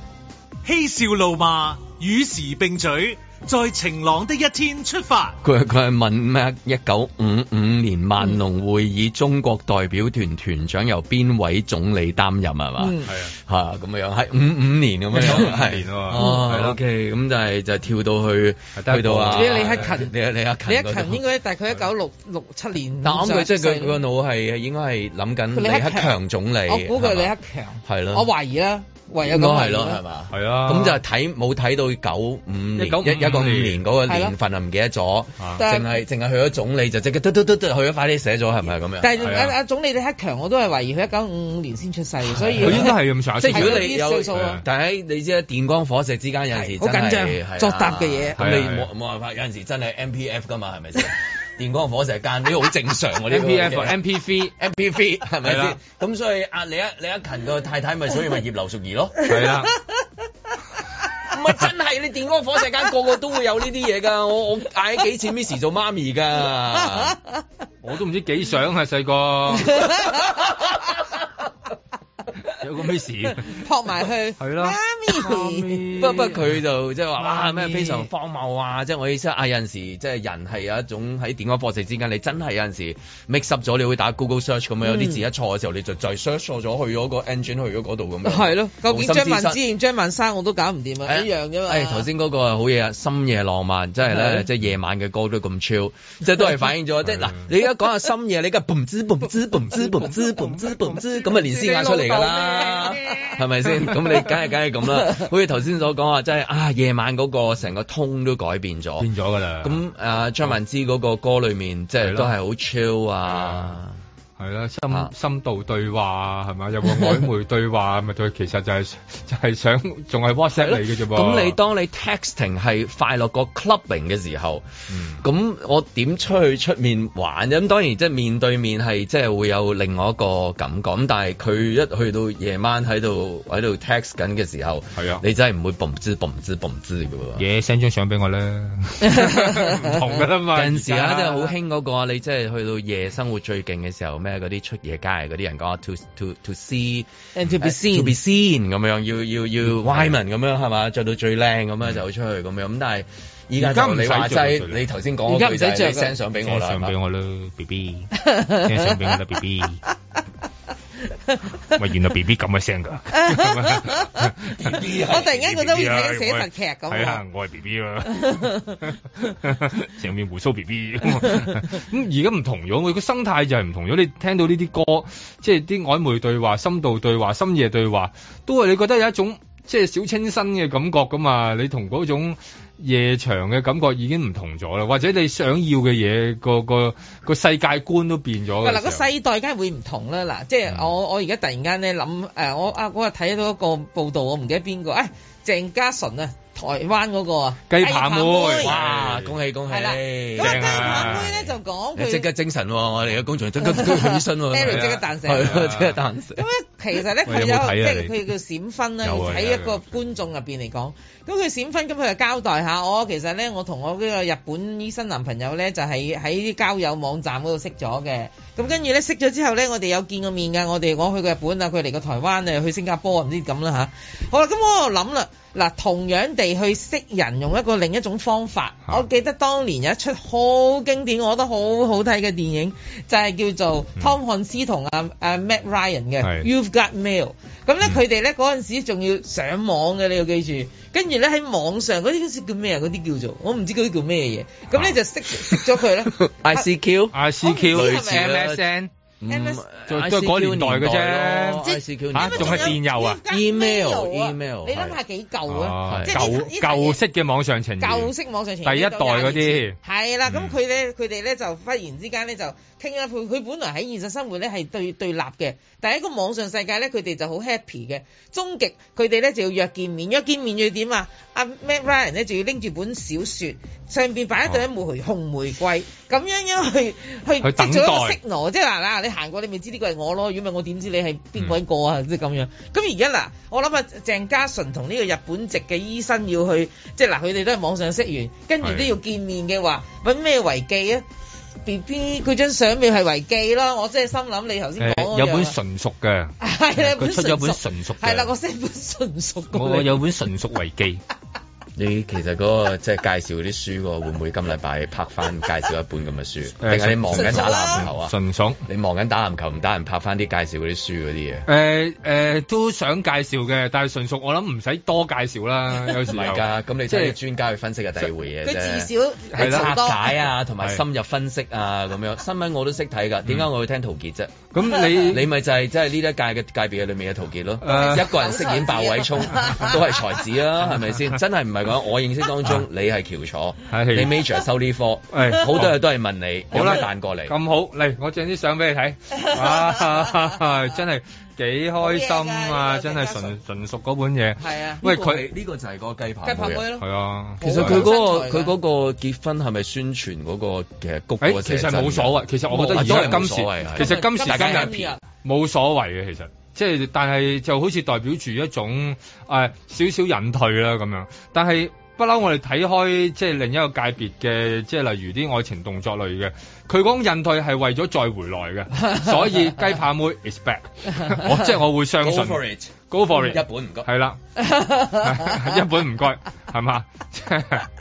嬉笑怒罵。與時並舉，在晴朗的一天出發。佢佢係問咩？一九五五年萬隆會議、嗯，中國代表團團長由邊位總理擔任、嗯、啊？嘛，係啊，吓咁嘅樣，係五五年咁樣樣，係、嗯嗯、哦。OK，咁但係就跳到去，去、就是、到啊李克勤，李李克勤，李克勤，李克勤，李克勤應該大概一九六六七年。但佢即係佢個腦係應該係諗緊李克強總理。我估佢李克強，係咯，我懷疑啦。喂，咁係咯，係嘛，係啊，咁就睇冇睇到九五年，年一一個五年嗰個年份啊，唔記得咗，淨係淨係去咗總理就即刻，得得得得，去咗快啲寫咗，係咪咁樣？但係、啊啊、總理李克強，我都係懷疑佢一九五五年先出世，所以佢、啊、應該係咁長。即係如果你有，啊、但係你知啦，電光火石之間有陣時好緊張，作答嘅嘢，咁、啊啊啊啊啊啊、你冇冇辦法？有陣時真係 MPF 噶嘛，係咪先？ 電光火石間呢個好正常喎 MPV、MPV 係咪先？咁所以阿李克李克勤個太太咪所以咪葉劉淑儀咯。係啊，唔係真係你電光火石間個個都會有呢啲嘢噶。我我嗌幾次 Miss 做媽咪噶，我都唔知幾想啊細個。 個咩事？撲埋去係啦，媽咪，不 不，佢就即係話哇咩非常荒謬啊！即、就、係、是、我意思啊，有陣時即係、就是、人係有一種喺點解博士之間，你真係有陣時 mix up 咗，你會打 Google search 咁啊，有啲字一錯嘅時候，你就再 search 咗去咗個 engine 去咗嗰度咁。係咯、嗯，究竟張曼之、定張曼珊我都搞唔掂啊，一、哎、樣啫嘛。誒、哎，頭先嗰個好嘢，啊，深夜浪漫即係咧，即係夜晚嘅歌都咁 chill 即係都係反映咗、嗯、即係嗱，你而家講下深夜，你而家嘣滋嘣滋嘣滋嘣滋嘣滋嘣滋咁啊，連詩意出嚟噶啦。係咪先？咁你梗係梗係咁啦。好似頭先所講，即係，啊，真係啊夜晚嗰個成個 tone 都改變咗。變咗噶啦。咁啊張萬芝嗰個歌裏面，即係都係好 chill 啊。嗯係啦，深深度對話，係咪？有冇曖昧對話？咪 就其實就係、是、就係、是、想，仲係 WhatsApp 你嘅啫噃。咁你當你 texting 係快樂過 clubbing 嘅時候，咁、嗯、我點出去出面玩？咁當然即係面對面係即係會有另外一個感覺，咁但係佢一去到夜晚喺度喺度 text 緊嘅時候，係啊，你真係唔會嘣唔知嘣唔知嘣唔知嘅喎。嘢 send 張相俾我咧，唔 同噶啦嘛。陣 時啊，即係好興嗰個啊，真那個、你即係去到夜生活最勁嘅時候咩？咧嗰啲出夜街嗰啲人講，to to to see and to be seen，to be seen 咁樣，要要要 Wyman 咁樣，係嘛？著到最靚咁樣就出去咁樣。咁但係而家唔理話齋，你頭先講嗰句真係。而家唔使著嘅，著相俾我啦，嚇！著相俾我啦，B B。著相俾我啦，B B。咪原來 B B 咁嘅聲㗎。 我突然間覺得好似寫實劇咁，係 啊， 我係 B B 咯，成面鬍鬚 B B 咁。咁而家唔同咗，我個心態就係唔同咗。你聽到呢啲歌，即係啲曖昧對話、深度對話、深夜對話，都係你覺得有一種即係小清新嘅感覺㗎嘛。你同嗰種夜場嘅感覺已經唔同咗啦，或者你想要嘅嘢個個個世界觀都變咗。嗱，個世代梗係會唔同啦。嗱，即係、嗯、我我而家突然間咧諗，誒、呃，我阿哥啊睇到一個報道，我唔記得邊個，誒、哎，鄭嘉純啊。台灣嗰、那個啊雞扒妹，、哎、妹，妹，哇！恭喜恭喜，咁啊雞扒妹咧就講佢即刻精神喎、啊，我哋嘅工作即刻精神喎，即刻彈成、啊啊 啊 嗯啊，即刻彈成。咁其實咧佢有即係佢叫閃婚啦，喺、 啊、一個觀眾入面嚟講，咁 佢、啊、 閃婚，咁佢就交代下 我其實咧，我同我呢個日本醫生男朋友咧就係、是、喺交友網站嗰度識咗嘅。咁跟住咧識咗之後咧，我哋有見過面噶。我哋我去過日本啊，佢嚟過台灣啊，去新加坡啊，唔知咁啦吓，好啦，咁我諗啦，嗱同樣地去識人，用一個另一種方法。我記得當年有一出好經典，我覺得好好睇嘅電影，就係、係、叫做湯、嗯、漢斯同啊，啊 Matt Ryan 嘅 You've Got Mail。咁咧佢哋咧嗰陣時仲要上網嘅，你要記住。跟住咧喺網上嗰啲叫咩 啊？嗰啲叫做我唔知嗰啲叫咩嘢。咁咧就識識咗佢咧。ICQ，ICQ 類似啦。percent 都都嗰年代嘅啫，嚇，仲、啊、係電郵啊，email，email，啊 e 啊 e 啊 e 啊 e 啊、你諗下幾舊啊，即係舊舊式嘅網上情，舊式網上情，第一代嗰啲，係啦，咁佢咧，佢哋咧就忽然之間咧就。傾啦，佢佢本來喺現實生活咧係對對立嘅，但喺個網上世界咧，佢哋就好 happy 嘅。終極佢哋咧就要約見面，約見面要點啊？阿 Matt Ryan 咧就要拎住本小説，上邊擺一朵玫瑰、紅玫瑰，咁、啊、樣樣去去。去 即做一個 signal，等待。識我，即係嗱嗱，你行過你咪知呢個係我咯，如果唔係我點知你係邊鬼個啊？嗯、即係咁樣。咁而家嗱，我諗啊，鄭嘉純同呢個日本籍嘅醫生要去，即係嗱，佢哋都係網上識完，跟住都要見面嘅話，揾咩為記啊？B B 佢張相面係違紀咯，我真係心諗你頭先講有本純屬嘅，係啦，出咗本純屬，係 啦，我寫本純屬嘅，我有本純屬違紀。 你其實嗰、那個即係、就是、介紹啲書喎，會唔會今禮拜拍翻介紹一本咁嘅書？定係你忙緊打籃球啊？純屬、啊、你忙緊打籃球，唔、啊、打，閒拍翻啲介紹嗰啲書嗰啲嘢。誒、呃、誒、呃，都想介紹嘅，但係純屬我諗唔使多介紹啦。有時係㗎。咁你即係專家去分析嘅第二回嘢啫。佢至少係拆解啊，同埋深入分析啊，咁樣新聞我都識睇㗎。點解我要聽陶傑啫？咁、嗯、你你咪就係即係呢一屆嘅界別嘅裏面嘅陶傑咯、呃。一個人飾演爆位聰、呃、都係才子啊，係咪先？是是 真係唔係？ 我認識當中，啊、你係喬楚、啊，你 major 收呢科、哎，好，好多嘢都係問你，好啦，彈過嚟？咁好，嚟我整啲相俾你睇、 啊，真係幾開心啊！的這個、真係純、這個、純熟嗰本嘢。係、這個這個、啊，喂，佢呢個就係個雞排妹，係啊。其實佢嗰、那個佢結婚係咪宣傳嗰、那個局實谷其實冇、哎、所謂，其實我覺得都係今其實今時今日冇所謂嘅，其實。即係，但係就好似代表住一種誒、呃，少少隱退啦咁樣。但係不嬲，我哋睇開即係另一個界別嘅，即係例如啲愛情動作類嘅。佢講隱退係為咗再回來嘅，所以雞扒妹 is back。 我即係、就是、我會相信。Go for it, Go for it. 一本唔該。係啦， 一本唔該，係嘛？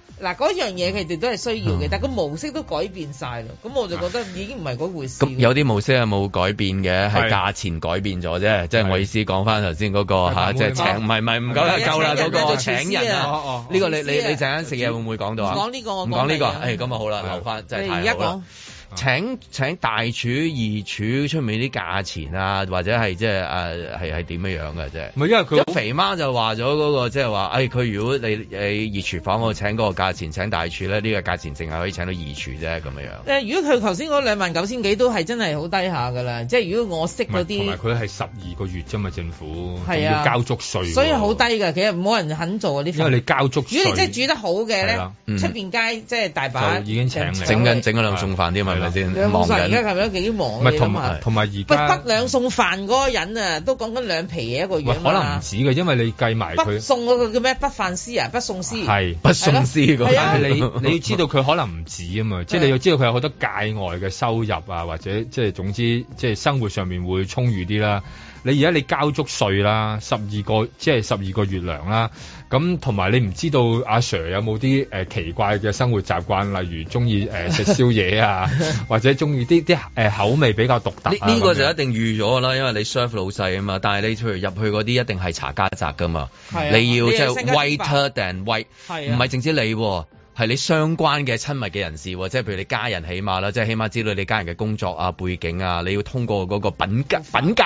嗱，嗰樣嘢佢哋都係需要嘅，嗯、但係個模式都改變晒啦，咁我就覺得已經唔係嗰回事。咁有啲模式係冇改變嘅，係價錢改變咗啫，即係我意思講翻頭先嗰個吓，即係、啊即係、請，唔係唔係唔夠啦，夠啦嗰、嗰個請人啊，呢、啊啊呢個你、啊呢個、你、啊、你陣間食嘢會唔會講到啊？講呢個、啊呢個，講呢個，誒咁啊好啦，留翻就係太好請請大廚、二廚出面啲價錢啊，或者係即係啊，係係點樣樣嘅啫？唔因為佢好肥媽就話咗嗰個即係話，誒、就、佢、是哎、如果你你二廚房我請嗰個價錢請大廚咧，呢、呢個價錢淨係可以請到二廚啫咁樣樣、呃。如果佢頭先嗰兩萬九千幾都係真係好低下噶啦，即係如果我識嗰啲，同埋佢係十二個月啫嘛，政府係啊，要交足稅、啊，所以好低㗎。其實冇人肯做啲因為你交足稅，如果你即係煮得好嘅咧，出邊、啊嗯、街即係大把已經請整緊整緊兩餸飯添嘛。係咪而家係咪都幾忙嘢,咁同埋同埋而家不兩餸飯嗰個人啊，都講緊兩皮嘢一個月。可能唔止嘅，因為你計埋佢送嗰個叫咩？不飯師啊，不送師係不送師。係啊，你你要知道佢可能唔止啊嘛， 即係你要知道佢有好多界外嘅收入啊，或者即係總之即係生活上面會充裕啲啦。你而家你交足稅啦，十二個即係十二個月糧啦。咁同埋你唔知道阿 Sir 有冇啲、呃、奇怪嘅生活習慣，例如中意食宵夜啊， 或者中意啲啲口味比較獨特、啊。呢呢、呢個就一定預咗啦，因為你 serve 老細啊嘛。但係你譬如入去嗰啲一定係查家宅噶嘛、啊，你要即係 whiter than white，唔係淨止你、啊，係你相關嘅親密嘅人士、啊，即、就、係、是、譬如你家人，起碼啦，即、就、係、是、起碼知道你家人嘅工作啊、背景啊，你要通過嗰個品格、品格，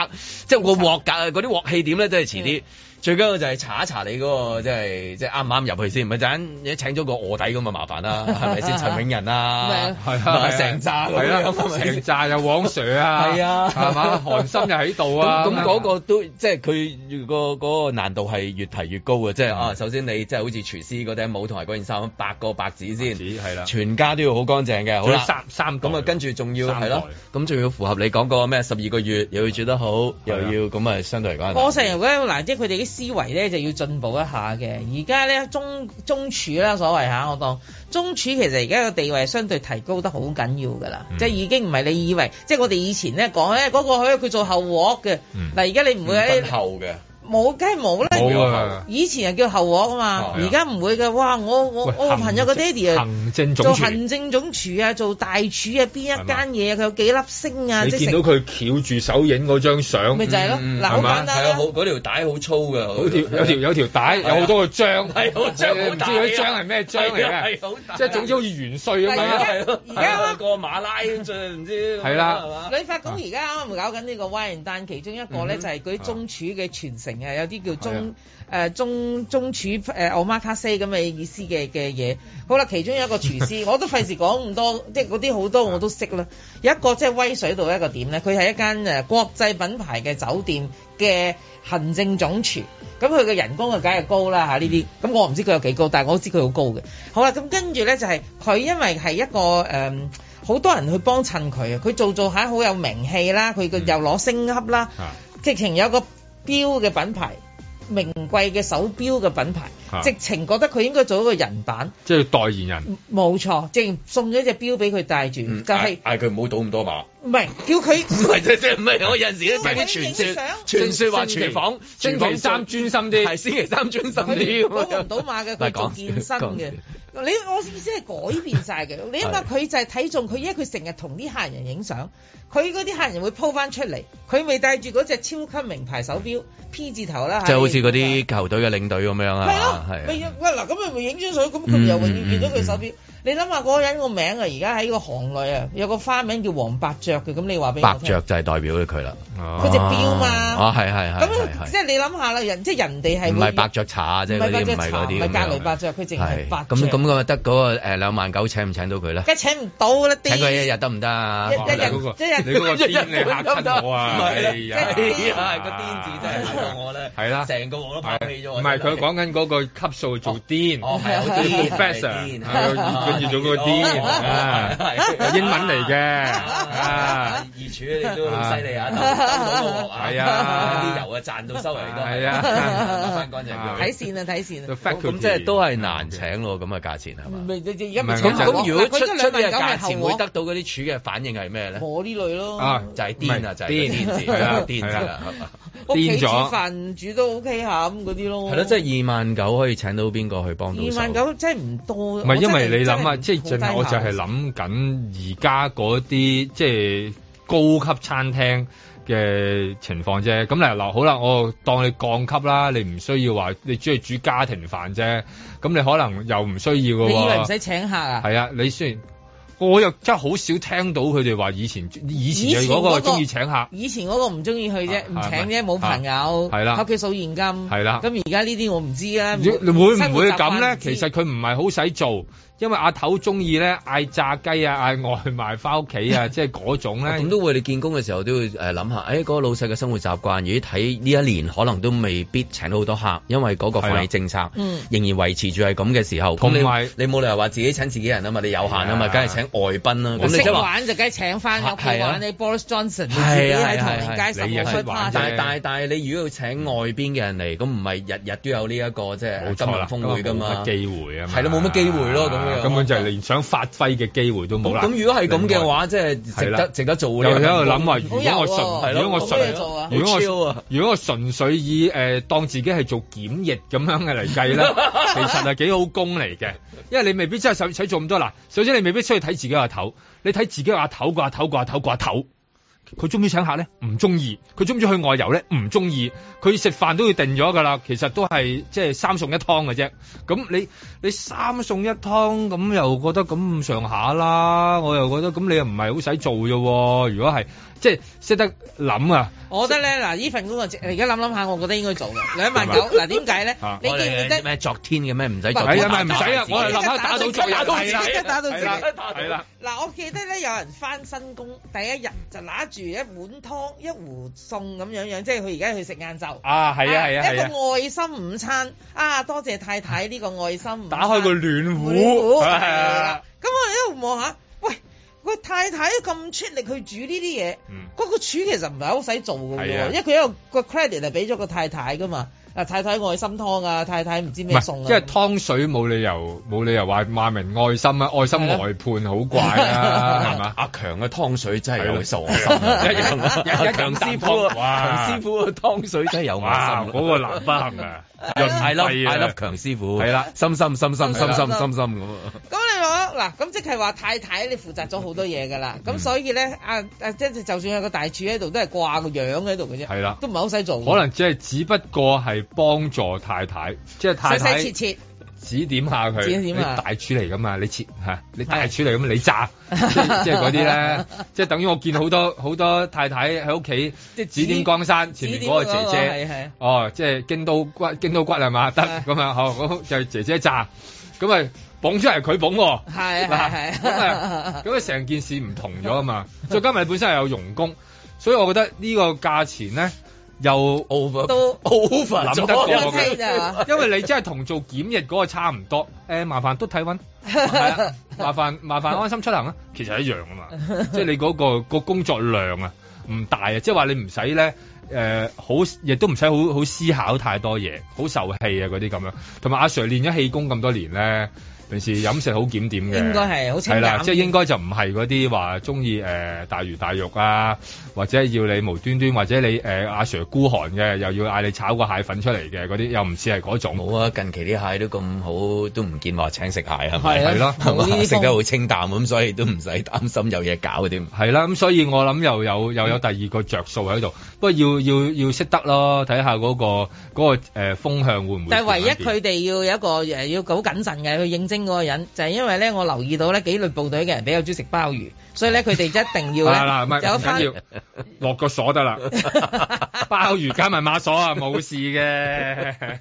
即係個鑊格啊，嗰啲鑊氣點咧，都係遲啲。最緊要就係查一查你嗰個，即係即係啱唔啱入去先，唔係陣你請咗個臥底咁啊麻煩啦、啊，係咪先？ 陳永仁啊，係成扎係啦，成扎又黃 Sir 啊？係啊，係嘛？韓森又喺度啊，咁嗰個都即係佢個嗰、嗰個難度係越提越高嘅，即、就、係、是啊、首先你即係、就是、好似廚師嗰頂帽同埋嗰件衫，白過白紙先，紙係啦、啊，全家都要好乾淨嘅，好啦，三三咁啊，跟住仲要係咯，咁仲要符合你講過咩十二個月又要住得好，又要咁啊，相對嚟講，我成日覺得嗱，即係佢哋思維咧就要進步一下嘅，而家咧中中廚啦，所謂吓我當中廚其實而家個地位相對提高得好緊要噶啦，嗯，即係已經唔係你以為，即係我哋以前咧講咧嗰個可佢做後鑊嘅，嗱而家你唔會喺後嘅。冇，梗係冇啦。以前係叫後我㗎嘛，而家唔會㗎。哇，我我我朋友個爹哋啊，做行政總廚啊，做大廚啊，邊一間嘢佢有幾粒星啊？你見到佢翹住手影嗰張相？咪就係咯，嗱、嗯、好、嗯嗯、簡單啦、啊。嗰、啊、條帶好粗嘅、啊，有條有條有條帶，有好多個章，唔、啊嗯、知嗰啲、啊、章係咩、啊啊啊、章嚟嘅？即係總之好似元帥咁樣。而家個馬拉醬唔知、啊。係啦、啊，係嘛、啊？你發覺而家啱啱咪搞緊呢個彎蛋，其中一個咧就係嗰啲中廚嘅傳承。有啲叫中誒、啊呃、中中廚誒奧瑪卡西咁嘅意思嘅嘅嘢，好啦，其中有一個廚師 我都費事講咁多，即係嗰啲好多我都識啦。 有一個即係、就是、威水度一個點咧？佢係一間誒國際品牌嘅酒店嘅行政總廚，咁佢嘅人工啊梗係高啦，吓呢啲，咁、嗯、我唔知佢有幾高，但係我都知佢好高嘅。好啦，咁跟住咧就係、是、佢因為係一個誒，好、呃、多人去幫襯佢啊，佢做做下好有名氣啦，佢又攞升級啦，直、嗯、情有一個。表嘅品牌，名貴嘅手錶嘅品牌，啊、直情覺得佢應該做一個人版，即係代言人。冇錯，直情送咗隻錶俾佢戴住，就係嗌佢唔好賭咁多馬。唔係叫佢。唔係即唔係，我有陣時咧俾啲傳說，傳說話廚房，全房三專心啲，係星，星期三專心啲賭馬嘅，佢做健身嘅。說說說說說你我意思係改變晒嘅。你諗下，佢就係睇中佢，因為佢成日同啲客人影相，佢嗰啲客人會鋪返翻出嚟，佢未戴住嗰隻超級名牌手錶 P 字頭啦，即係好似嗰啲球隊嘅領隊咁樣啊，係啊，嗱咁咪影張相，咁佢又永遠見到佢手錶。嗯嗯嗯。你諗下嗰個人個名啊，而家喺個行內啊，有個花名叫黃伯爵。嘅、嗯，咁你話俾我聽。伯爵就係代表咗佢啦，佢、哦、隻標嘛。咁即係你諗下啦，人即係人哋係唔係伯爵茶即係嗰啲唔係嗰啲，唔係格雷伯爵，佢淨係伯爵咁咁咁得嗰個誒兩萬九請唔請到佢咧？梗係請唔到啦。佢一日得唔得啊？一日嗰個，那個是一日叫一萬七百。唔係啊，個癲字真係難過我啦。係啦，成個我都搞飛咗。唔係佢講緊嗰個級數做癲。哦，係有啲癲嚟㗎。 要做個癲啊,啊,啊,啊,啊！英文嚟嘅啊，二柱你都好犀利啊，係啊，係啲、啊啊啊、油啊賺到收圍都係啊，攤翻乾淨睇線啊，睇線啊，咁即係都係難請咯，咁嘅價錢係嘛？咪咁如果出出嘅價錢會得到嗰啲柱嘅反應係咩咧？我呢類咯，就係癲啊，就係癲字係啊，就是、癲啊，癲咗飯煮都 OK 下咁嗰啲咯。係咯，即係二萬九可以請到邊個去幫到？二萬九即係唔多，唔係因為你諗。咁、嗯、即係我就係諗緊而家嗰啲即係高級餐廳嘅情況啫。咁嚟嗱，好啦我當你降級啦，你唔需要話你鍾意煮家庭飯啫。咁你可能又唔需要喎。你以為唔使請客啊？係啊，你雖然我又真係好少聽到佢哋話以前以前嗰個中意請客，以前嗰、嗰個唔中意去啫，唔、啊、請啫，冇朋友。係、啊、啦，屋企數現金。係啦、啊。咁而家呢啲我唔知啦。會唔會咁咧？其實佢唔係好使做。因為阿頭中意咧嗌炸雞啊，嗌外賣翻屋企啊，即係嗰種咧，咁都會你見工嘅時候都會諗下，誒、哎、嗰、那個老細嘅生活習慣，如果睇呢一年可能都未必請到好多客，因為嗰個防疫政策仍然維持住係咁嘅時候，咁、嗯、你你冇理由話自己請自己人啊嘛，你有限啊嘛，梗係、啊、請外賓啦、啊。咁你係玩就梗係請翻屋企玩你。o 啊，係啊，係啊。你亦係、啊啊啊，但但係但係你如果要請外邊嘅人嚟，咁唔係日日都有呢、這、一個即係金融峰會㗎嘛？機會啊，係咯，冇乜機會咯咁。根本就係連想發揮嘅機會都冇啦。咁如果係咁嘅話，即係值得值得做咧。又喺度諗話，如果我純，如果我純，如果我如果我純粹以誒當自己係做檢疫咁樣嘅嚟計咧， 其實係幾好功嚟嘅。因為你未必真係使使做咁多。啦首先你未必需要睇自己個頭，你睇自己個頭掛頭掛頭掛頭，頭。佢中唔中意請客咧？唔中意。佢中唔中意去外遊咧？唔中意。佢食飯都要定咗噶啦。其實都係即係三餸一湯嘅啫。咁你你三餸一湯，咁又覺得咁上下啦。我又覺得咁你又唔係好使做啫。如果係。即係識得諗啊！我覺得咧，嗱，呢份工啊，而家諗諗下，我覺得應該做嘅兩萬九。嗱，點解咧？呢 你記唔記得咩？昨天嘅咩？唔使做，唔係唔使啊！我係諗下打到打到自己，打到自己，啦。嗱、啊，我記得咧，有人返新工第一日就拿住一碗湯一壺餸咁樣樣，即係佢而家去食晏晝啊！係啊係啊係啊一個愛心午餐啊！多謝太太呢個愛心午餐，打開個暖壺，係啊！咁我哋都望下。個太太咁出力去煮呢啲嘢，嗰、嗯嗰個廚其實唔係好使做嘅、啊，因為佢有個 credit 係俾咗個太太噶嘛。啊太太愛心湯啊，太太唔知咩餸啊。即係湯水冇理由冇理由話賣明愛心啊，愛心外判好怪啊，係嘛、啊？阿強嘅湯水真係有傻心、啊，強、啊啊啊啊 啊、師傅，強師傅湯水真係有愛心。嗰、嗰個難不行啊，係咯係咯，強、啊、師傅係啦，心心心心心心心心咁。嗱，咁即係話太太你負責咗好多嘢噶啦，咁、嗯、所以咧，即、啊、係、啊、就，就算有個大廚喺度，都係掛個樣喺度嘅啫，係啦，都唔係好使做，可能即係只不過係幫助太太，即、就、係、是、太太細細切切指點下佢，指點下大廚嚟噶嘛，你切吓，你大廚嚟咁，你炸，即係嗰啲咧，即 係等於我見好多好多太太喺屋企即係指點江山前面嗰個姐姐，那個那個、哦，即、就、係、是、京,京都骨京都骨係嘛，得咁樣，好，就姐姐炸，咁咪、就是。捧出嚟佢捧，係嗱咁啊，咁成、嗯、件事唔同咗啊嘛！再加埋本身係有傭工，所以我覺得呢個價錢咧又 over 都 over 諗得過、okay、因為你真係同做檢疫嗰個差唔多。誒、呃，麻煩都睇返、 啊，麻煩麻煩安心出行啊！其實一樣啊嘛， 即係你嗰、那個個工作量啊，唔大啊，即係話你唔使咧誒，好亦都唔使好好思考太多嘢，好受氣啊嗰啲咁樣。同埋阿 Sir 練咗氣功咁多年咧。平時飲食好檢點嘅，應該係好清淡。係啦，即係應該就唔係嗰啲話中意大魚大肉啊，或者要你無端端，或者你呃，阿 Sir 孤寒嘅，又要嗌你炒個蟹粉出嚟嘅嗰啲，又唔似係嗰種。冇啊，近期啲蟹都咁好，都唔見話請食蟹係咪？係咯，係食得好清淡咁，所以都唔使擔心有嘢搞啲係啦，咁所以我諗又有又有，有第二個着數喺度，不過要要要識得咯，睇下嗰個嗰個，呃，風向會唔會？但唯一佢哋要有一個要好謹慎嘅去認嗰個人就係因為咧，我留意到咧，紀律部隊嘅人比較中意食鮑魚，所以咧佢哋一定要啦，咧有要落個鎖得啦，鮑魚加埋碼鎖啊，冇事嘅。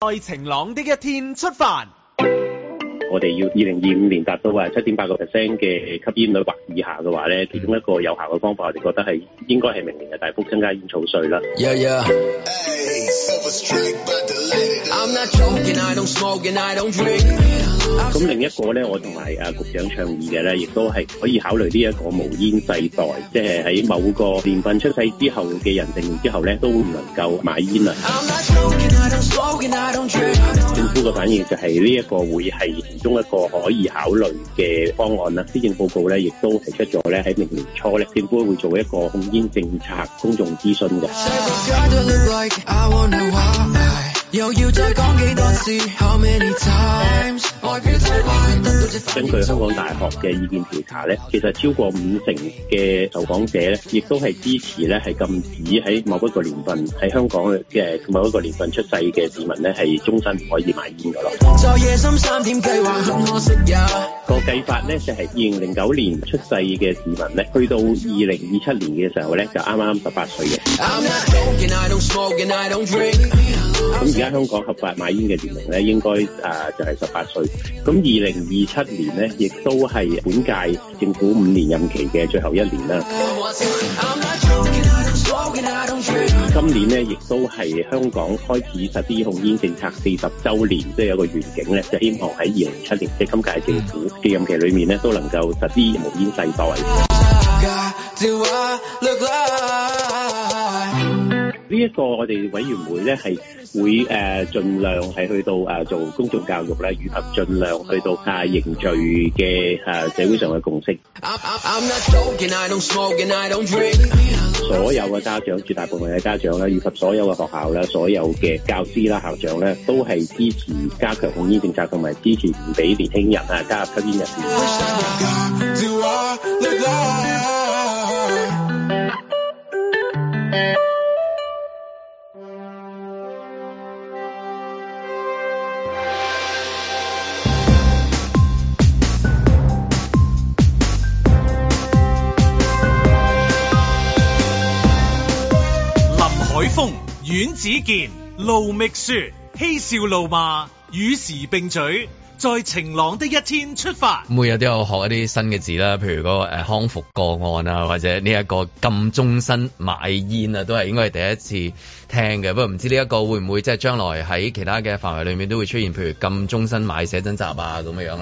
在 晴朗的一天出發。我哋要二零二五年達到話七點八個 percent 嘅吸煙率或以下嘅話咧，其中一個有效嘅方法，我哋覺得係應該係明年嘅大幅增加煙草稅啦。咁另一個咧，我同埋啊局長倡議嘅咧，亦都係可以考慮呢一個無煙世代，即係喺某個年份出世之後嘅人，成年之後咧，都唔能夠買煙啦。政府嘅反應就係呢一個會係其中一個可以考慮嘅方案啦。施政報告咧，亦都提出咗咧喺明年初咧，政府會做一個控煙政策公眾諮詢嘅。根據香港大學嘅意見調查咧，其實超過五成嘅受訪者咧，亦都係支持咧，係禁止喺某一個年份，喺香港嘅某一個年份出世嘅市民咧，係終身唔可以買煙㗎囉。夜三計，嗯，嗰個計法咧，就係二零零九年出世嘅市民咧，去到二零二七年嘅時候咧，就啱啱十八歲嘅。 而家香港合法買煙嘅年齡咧，應該誒就係十八歲。咁二零二七年咧，亦都係本屆政府五年任期嘅最後一年啦。今年咧，亦都係香港開始實施控煙政策四十週年，即係有個願景咧，就希望喺二零七年即係今屆政府嘅任期裏面咧，都能夠實施無煙世代。呢一個我哋委員會咧，係會誒盡量係去到誒做公眾教育咧，以及盡量去到啊凝聚嘅誒社會上嘅共識。所有嘅家長，絕大部分嘅家長咧，以及所有嘅學校咧，所有嘅教師啦、校長咧，都係支持加強控煙政策，同埋支持唔俾年輕人啊加入吸煙人士。阮子健，盧覓雪，嬉笑怒罵與時並舉，在晴朗的一天出發。每日都有學一啲新嘅字啦，譬如嗰個誒康復個案啊，或者呢一個禁終身買煙啊，都係應該係第一次。聽嘅，不過唔知呢一個會唔會即係將來喺其他嘅範圍裏面都會出現，譬如咁終身買寫真集啊咁樣樣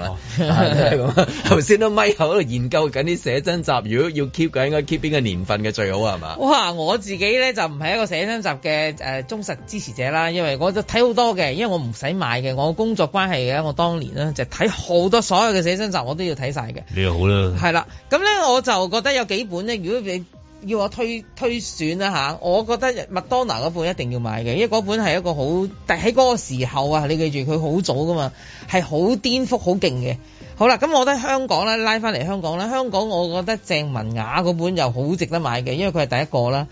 咧。頭、哦、先、 啊就是、 都咪喺度研究緊啲寫真集，如果要 keep 嘅，應該 keep 邊個年份嘅最好係嘛？哇！我自己咧就唔係一個寫真集嘅誒、呃、忠實支持者啦，因為我都睇好多嘅，因為我唔使買嘅，我工作關係嘅，我當年咧就睇好多所有嘅寫真集，我都要睇晒嘅。你又好啦。係啦，咁咧我就覺得有幾本咧，如果你。要我推推選啦吓，我覺得麥當娜嗰本一定要買嘅，因為嗰本係一個好，但喺嗰個時候啊，你記住佢好早噶嘛，係好顛覆、好勁嘅。好啦，咁我覺得香港咧拉翻嚟香港咧，香港我覺得鄭文雅嗰本又好值得買嘅，因為佢係第一個啦。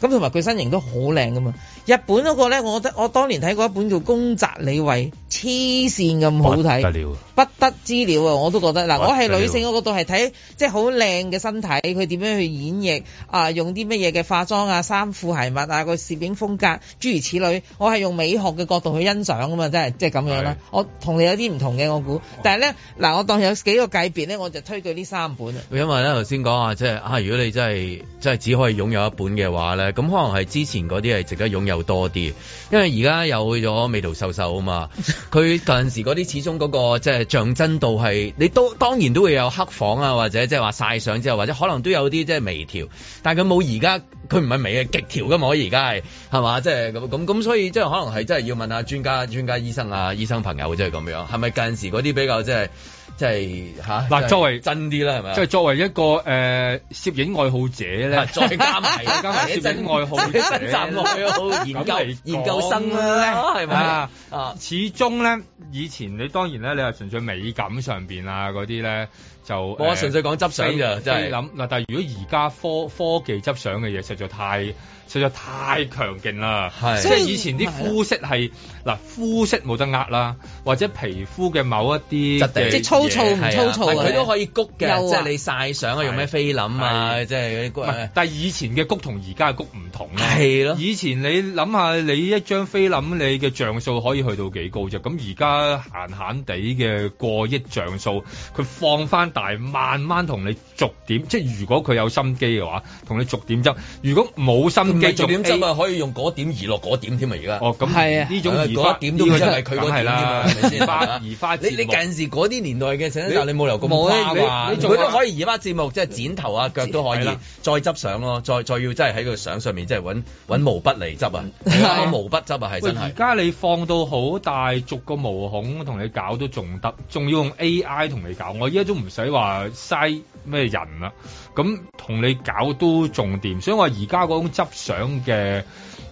咁同埋佢身形都好靚噶嘛。日本嗰個咧，我覺得我當年睇過一本叫李慧《宮澤理惠》，黐線咁好睇，不得了，不得之了啊！我都覺得嗱，我係女性嗰度係睇即係好靚嘅身體，佢點樣去演繹啊，呃，用啲乜嘢嘅化妝啊、衫褲鞋襪啊、個攝影風格，諸如此類。我係用美學嘅角度去欣賞噶嘛，即係即係咁樣啦。我同你有啲唔同嘅，我估。但係咧嗱，我有幾個界別咧，我就推佢呢三本。因為咧頭先講啊，即係啊，如果你真係真係只可以擁有一本嘅話咧，咁可能係之前嗰啲係值得擁有多啲，因為而家有咗美圖秀秀啊嘛。佢近時嗰啲始終嗰、嗰個即係像真度係，你都當然都會有黑房啊，或者即係話晒相之後，或者可能都有啲即係微調，但佢冇而家佢唔係微，係極調噶嘛。我而家係係嘛，即係咁咁咁，所以即係可能係真係要問下專家、專家醫生啊、醫生朋友，即係咁樣，係咪近時嗰啲比較即係？即係吓嗱，作為真啲啦，係咪？即係作為一個誒攝影愛好者咧， 再加埋啊，加埋攝影愛好者呢 再陣 再愛好研，研究研究生咧，係咪啊？啊是是始終咧，以前你當然咧，你係純粹美感上邊啊，嗰啲咧就我純粹講執相咋，即係諗嗱。但係如果而家科科技執相嘅嘢，實在太。實在太強勁啦！即係以前啲膚色係嗱膚色冇得呃啦，或者皮膚嘅某一啲即係粗糙唔粗糙，佢都可以谷嘅。即係、就是、你曬相啊，用咩菲林啊？即係嗰啲但係以前嘅谷同而家嘅谷唔同啦。係咯，以前你諗下，你一張菲林，你嘅像素可以去到幾高啫？咁而家閒閒地嘅過億像素，佢放翻大，慢慢同你逐點。即係如果佢有心機嘅話，同你逐點執。如果冇心。繼續點執啊？可以用嗰點移落嗰點添啊！而家哦，咁係啊，呢、嗯、種移一點都唔真係佢嗰點啦，係咪先？移花你你近時嗰啲年代嘅成日你冇理由咁花華，佢都可以移花接木，即係剪頭啊腳都可以再執相咯，再再要即係喺個相上面即係揾揾毛筆嚟執啊，攞、啊、毛筆執啊，係真係。而家你放到好大，逐個毛孔同你搞都仲得，仲要用 A I 同你搞，我依家都唔使話嘥咩人啦。咁同你搞都重掂，所以我而家嗰種執相嘅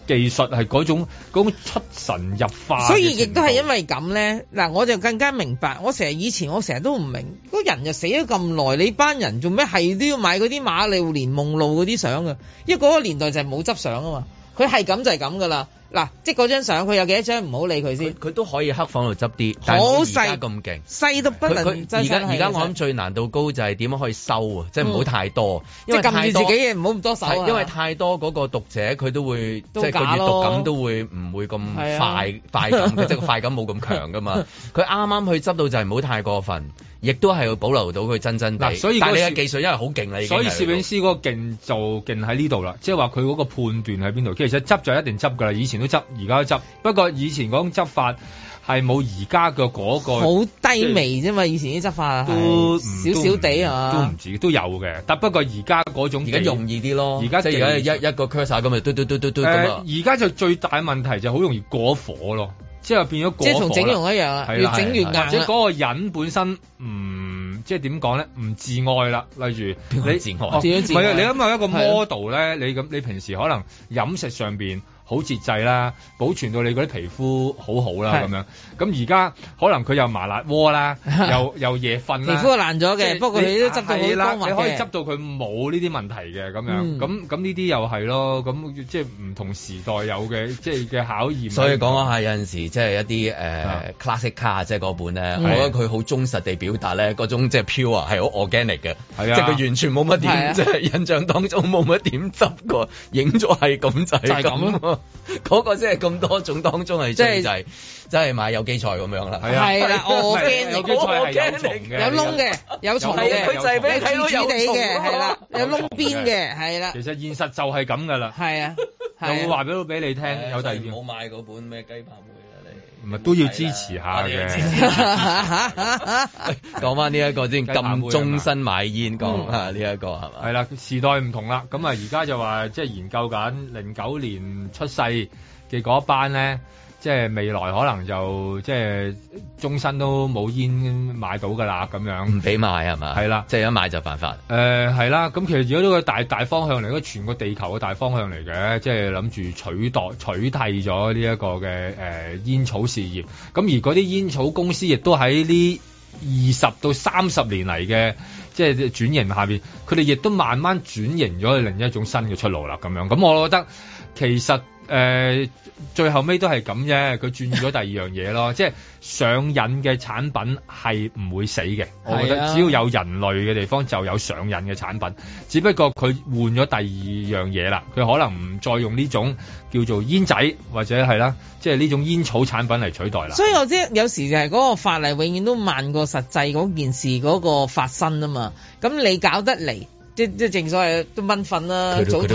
技術係嗰種嗰種出神入化。所以亦都係因為咁咧，嗱我就更加明白。我成日以前我成日都唔明，個人就死咗咁耐，你班人做咩係都要買嗰啲瑪麗蓮夢露嗰啲相啊？因為嗰個年代就係冇執相啊嘛，佢係咁就係咁噶啦。嗱，即係嗰張相，佢有幾多張唔好理佢先。佢都可以黑房度執啲，但係好細咁勁，細到不能真。而家而家我諗最難度高就係點樣可以收啊、嗯！即係唔好太多，即係咁自己嘢唔好咁多手。因為太多嗰個讀者，佢都會、嗯、都即係個讀感都會唔會咁快快即係個快感冇咁 強噶嘛。佢啱啱去執到就係唔好太過分，亦都係要保留到佢真真地。所以但係你嘅技術因為好勁啦，所以，所以攝影師嗰個勁就勁喺呢度啦，即係話佢嗰個判斷喺邊度。其實執就一定執噶啦，以前。都執而家都執，不過以前嗰種執法係冇而家嘅嗰個好低微啫嘛，以前啲執法都少少哋啊，都唔啊都唔知道，都唔止都有嘅。但不過而家嗰種而家容易啲咯，而家就係而家一一個缺少咁咪，嘟嘟嘟嘟嘟而家就最大問題就好容易過火咯，就是、過火即係變咗即係同整容一樣，越整越硬是。即係嗰個人本身唔、嗯、即係點講咧，唔自愛啦。例如你自愛、哦、自愛，係啊？你諗下一個 model 咧，你咁你平時可能飲食上邊。好節制啦，保存到你嗰啲皮膚好好啦咁樣。咁而家可能佢又麻辣鍋啦，又 又夜瞓啦，皮膚爛咗嘅。不過你都執到好光滑嘅，你可以執到佢冇呢啲問題嘅咁樣。咁咁呢啲又係咯，咁即係唔同時代有嘅即係嘅考驗不不。所以講下有陣時即係一啲誒、呃、classic car，即係嗰本咧，我、嗯、覺得佢好忠實地表達咧嗰種即係 pure 係好 organic 嘅，即係佢、啊、完全冇乜點，即係印象當中冇乜點執過，影咗係咁就係咁。就是 嗰個即係咁多種當中係，即係就係真係買有機菜咁樣啦。係啊，係啦，我驚你，我驚你有窿嘅，有蟲嘅。佢就係俾你睇到有蟲嘅，係啦，有窿邊嘅，係啦。其實現實就係咁㗎啦。係啊，又會話俾到俾你聽，有第二件。我買嗰本咩雞扒妹。.咪都要支持下嘅。講翻呢一個先，咁 終身買煙講啊呢一個係咪係啦，時代唔同啦。咁啊，而家就話即係研究緊零九年出世嘅嗰班咧。即係未來可能就即係終身都冇煙買到㗎啦，咁樣唔俾買係嘛？係啦，即係一買就犯法。誒係啦，咁其實如果都個大大方向嚟，個全個地球嘅大方向嚟嘅，即係諗住取代取締咗呢一個嘅呃、煙草事業。咁而嗰啲煙草公司亦都喺呢二十到三十年嚟嘅即係轉型下面，佢哋亦都慢慢轉型咗另一種新嘅出路啦，咁樣。咁我覺得。其實誒、呃、最後尾都係咁啫，佢轉咗第二樣嘢咯， 即係上癮嘅產品係唔會死嘅。 我覺得只要有人類嘅地方就有上癮嘅產品，只不過佢換咗第二樣嘢啦。佢可能唔再用呢種叫做煙仔或者係啦，即係呢種煙草產品嚟取代啦。 所以我知有時就係嗰個法例永遠都慢過實際嗰件事嗰、嗰個發生啊嘛。咁你搞得嚟？即即正所謂都蚊瞓啦，早唞都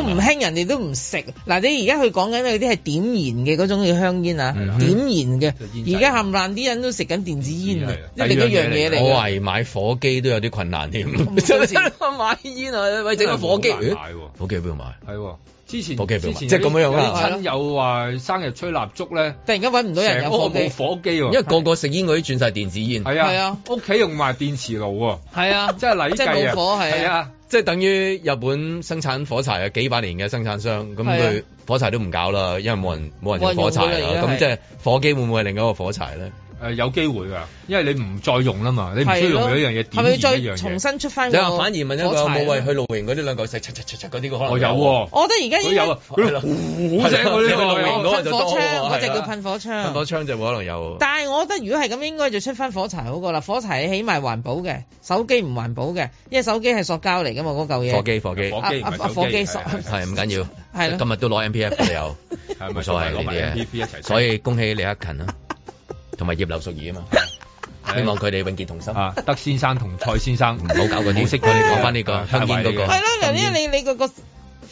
唔興，人哋都唔食。嗱，你而家佢講緊嗰啲係點燃嘅嗰種嘅香煙啊、嗯，點燃嘅。而家冚爛啲人都食緊電子煙啊，即係嗰樣嘢嚟。我懷疑買火機都有啲困難添。真係 買煙啊！喂，整個火機，我買啊、火機邊度、啊、買？係、啊。之前，火之前即係咁樣樣啦。啲親友話生日吹蠟燭咧，突然間揾唔到人，成屋冇火機喎。因為個個食煙嗰啲轉晒電子煙。係啊，屋企、啊、用埋電磁爐喎。係啊，啊，啊，即係嚟計即係老火係啊。即係等於日本生產火柴嘅幾百年嘅生產商，咁佢火柴都唔搞啦，因為冇人冇人用火柴啦。咁即係火機會唔會係另一個火柴咧？誒、啊、有機會㗎，因為你唔再用啦嘛，你唔需要用嗰樣嘢，一樣嘢。係咪要再重新出翻、啊？你反而問一個，冇謂去露營嗰啲兩嚿細，擦擦擦擦嗰啲嘅可能？我、哦、有喎、啊。我覺得而家有。有啊。嗚聲嗰啲露營嗰個就多。火槍，我就、那個、叫噴火槍。噴火槍就可能有。但係我覺得如果係咁，應該就出翻火柴好過啦。火柴起碼環保嘅，手機唔環保嘅，因為手機係塑膠嚟㗎嘛，嗰嚿嘢。火機，火機。啊啊、火機唔係。係唔緊要，今日都攞 MP 一嚟有，冇錯係呢啲。所以恭喜李克勤啊同埋葉劉淑儀啊嘛，希望佢哋永結同心、 啊。德先生同蔡先生唔好搞個啲，唔好識佢哋講翻呢個香建煙嗰、那個。係啦，嗱呢你你個、那個。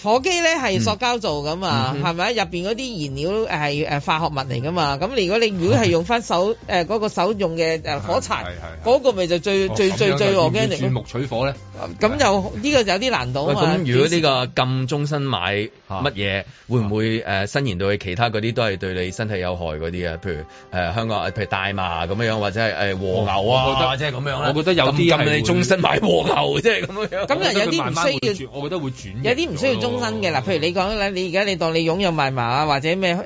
火機咧係塑膠做㗎嘛，係咪入邊嗰啲燃料係誒化學物嚟㗎嘛？咁如果你如果係用翻手誒嗰個手用嘅火柴，嗰、那個咪就最最、哦、最最我驚嚟。鑽木取火咧，咁又呢個就有啲難度嘛。咁如果呢個咁終身買乜嘢，會唔會誒伸延到去其他嗰啲都係對你身體有害嗰啲啊？譬如誒、呃、香港，譬如大麻咁樣，或者係誒、哎、和牛啊，即係咁樣我覺得有啲係終身買和牛，即係咁樣。咁有啲唔需要，我覺得慢慢會轉，會轉有啲唔需要終。嘅、哦、嗱，嗯、譬如你講啦，你而家你當你擁有賣麻啊，或者咩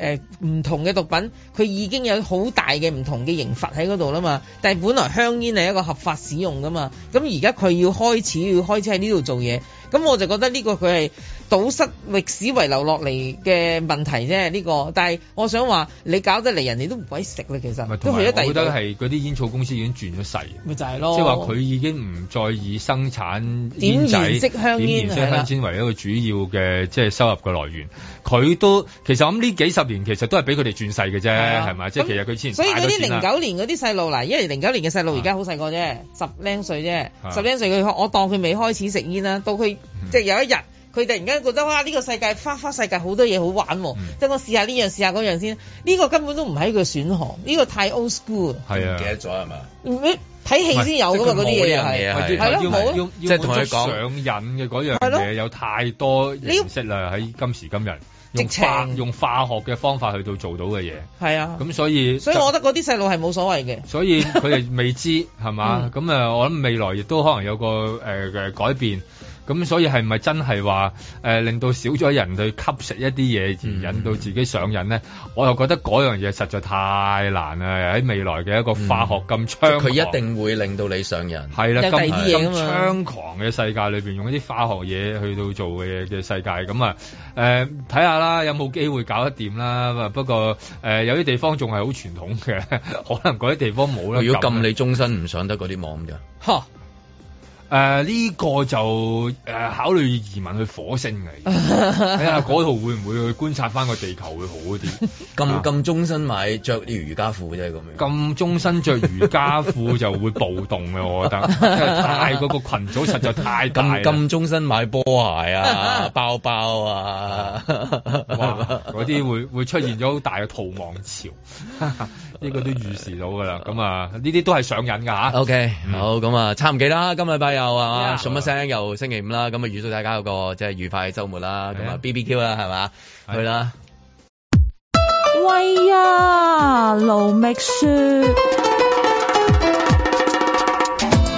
誒唔同嘅毒品，佢已經有好大嘅唔同嘅刑罰喺嗰度啦嘛。但係本來香煙係一個合法使用噶嘛，咁而家佢要開始要開始喺呢度做嘢，咁我就覺得呢個佢係。堵塞歷史遺留落嚟嘅問題啫。呢、這個，但係我想話你搞得嚟人哋都唔鬼食啦。其實都去咗第二步，覺得係嗰啲煙草公司已經轉咗勢，咪就係咯，即係話佢已經唔再以生產煙仔、點燃式香煙、點燃式香煙為一個主要嘅即係收入嘅來源。佢都其實我諗呢幾十年其實都係俾佢哋轉勢嘅啫，係咪？即係其實佢先。所以嗰啲零九年嗰啲細路嗱，因為零九年嘅細路而家好細個啫，十零歲啫、啊，十零歲佢、啊、我當佢未開始食煙啦，到佢、嗯、即係有一日。佢突然間覺得哇！呢、這個世界花花世界好多嘢好玩、哦，即、嗯、係我試下呢樣試下嗰樣先。呢、這個根本都唔係佢選項，呢、這個太 old school。係啊，唔記得咗係嘛？睇戲先有㗎嘛，嗰啲嘢係啊，係咯、啊。即係同你講上癮嘅嗰樣嘢有太多。你唔識喺今時今日用化用化學嘅方法去到做到嘅嘢。係啊，咁所以所以我覺得嗰啲細路係冇所謂嘅。所以佢哋 未知係嘛？咁啊、嗯，我諗未來亦都可能有個誒誒、呃、改變。咁、嗯、所以係咪真係話誒令到少咗人去吸食一啲嘢而引到自己上癮咧、嗯？我又覺得嗰樣嘢實在太難啦。喺未來嘅一個化學咁猖，佢、嗯就是、一定會令到你上癮。係啦，今猖狂嘅世界裏面，用一啲化學嘢去到做嘅嘅世界咁啊！誒，睇下啦，有冇機會搞得掂啦？不過誒、呃，有啲地方仲係好傳統嘅，可能嗰啲地方冇啦。如果咁，你終身唔上得嗰啲網㗎？誒、呃、呢、這個就誒、呃、考慮移民去火星嚟，睇下嗰度會唔會去觀察翻個地球會好啲？咁咁終身買着啲瑜伽褲啫，咁樣咁終身着瑜伽褲就會暴動嘅，我覺得，太 嗰個群組實在太大。咁咁終身買波鞋啊，包包啊，嗰 啲會會出現咗好大嘅逃亡潮，呢、這個都預示到噶啦。咁啊，呢啲都係上癮噶吓。OK，、嗯、好，咁啊，差唔記啦，今禮拜又啊，數乜聲又星期五啦，咁啊預祝大家有個即係愉快嘅周末啦，咁、yeah. 啊 BBQ 啦，係嘛、yeah. 去啦。Yeah. 喂啊，盧覓雪。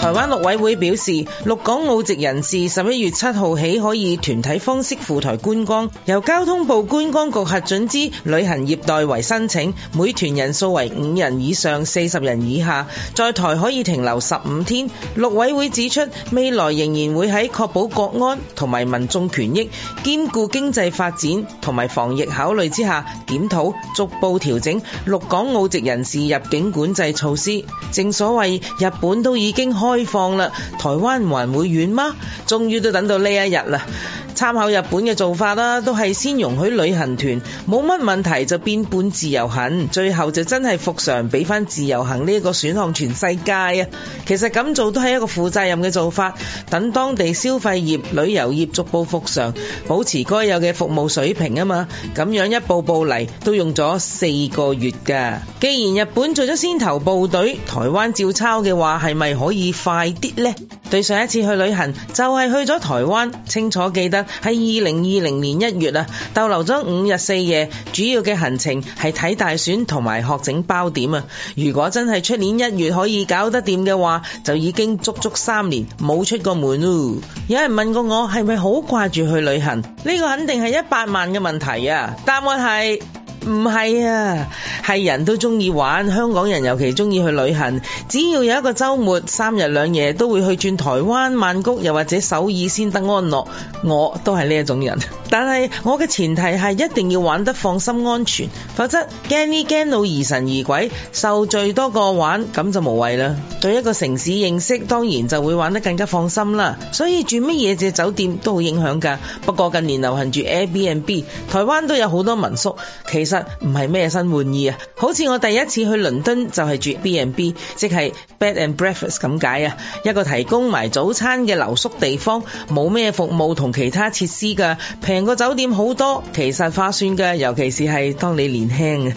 台灣陸委會表示，陸港澳籍人士十一月七號起可以團體方式赴台觀光，由交通部觀光局核准之旅行業代為申請，每團人數為五人以上四十人以下，在台可以停留十五天。陸委會指出，未來仍然會喺確保國安同埋民眾權益、兼顧經濟發展同埋防疫考慮之下，檢討逐步調整陸港澳籍人士入境管制措施。正所謂，日本都已經開。開放啦，台灣還會遠嗎？終於都等到呢一日啦。參考日本嘅做法啦，都係先容許旅行團，冇乜問題就變半自由行，最後就真係復常俾翻自由行呢一個選項。全世界啊，其實咁做都係一個負責任嘅做法。等當地消費業、旅遊業逐步復常，保持該有嘅服務水平啊嘛。咁樣一步步嚟，都用咗四個月噶。既然日本做咗先頭部隊，台灣照抄嘅話，係咪可以？快啲呢，對上一次去旅行就係、是、去咗台灣，清楚記得喺二零二零年一月啊，逗留咗五日四夜，主要嘅行程係睇大選同埋學整包點啊。如果真係出年一月可以搞得掂嘅話，就已經足足三年冇出過門咯。有人問過我係咪好掛住去旅行？呢、這個肯定係一百萬嘅問題啊！答案係。唔係啊，係人都中意玩，香港人尤其中意去旅行。只要有一個週末，三日兩夜都會去轉台灣、曼谷，又或者首爾先得安樂。我都係呢一種人，但係我嘅前提係一定要玩得放心、安全，否則驚呢驚到疑神疑鬼，受罪多過玩，咁就無謂啦。對一個城市認識，當然就會玩得更加放心啦。所以住乜嘢嘅酒店都好影響㗎。不過近年流行住 Airbnb，台灣都有好多民宿，其實唔係咩新玩意啊。好似我第一次去倫敦就係住 B and B，即係 Bed and Breakfast 咁解啊，一個提供埋早餐嘅留宿地方，冇咩服務同其他設施噶，平過酒店好多，其實花算噶，尤其是係當你年輕啊，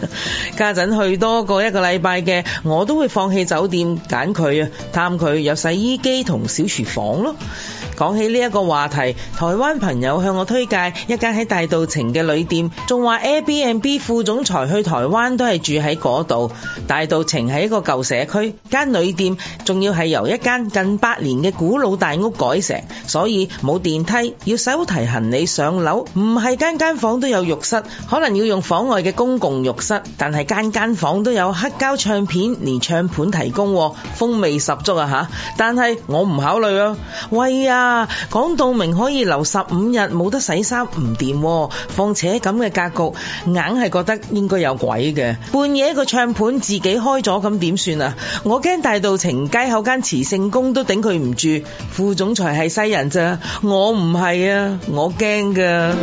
家陣去多過一個禮拜嘅，我都會放棄酒店揀佢啊，貪佢有洗衣機同小廚房咯。講起呢一個話題，台灣朋友向我推介一間喺大稻埕嘅旅店，仲話 Airbnb。副總裁去台灣都係住喺嗰度，大稻埕係一個舊社區間旅店，仲要係由一間近百年嘅古老大屋改成，所以冇電梯，要手提行李上樓。唔係間間房都有浴室，可能要用房外嘅公共浴室。但係間間房都有黑膠唱片，連唱盤提供，風味十足啊！吓，但係我唔考慮咯，啊。喂呀，講到明可以留十五日，冇得洗衫唔掂。況、啊、且咁嘅格局，硬係。覺得應該有鬼嘅，半夜個唱盤自己開咗，咁點算啊？我驚大道城街口間慈聖宮都頂佢唔住，副總裁係西人咋，我唔係啊，我驚噶。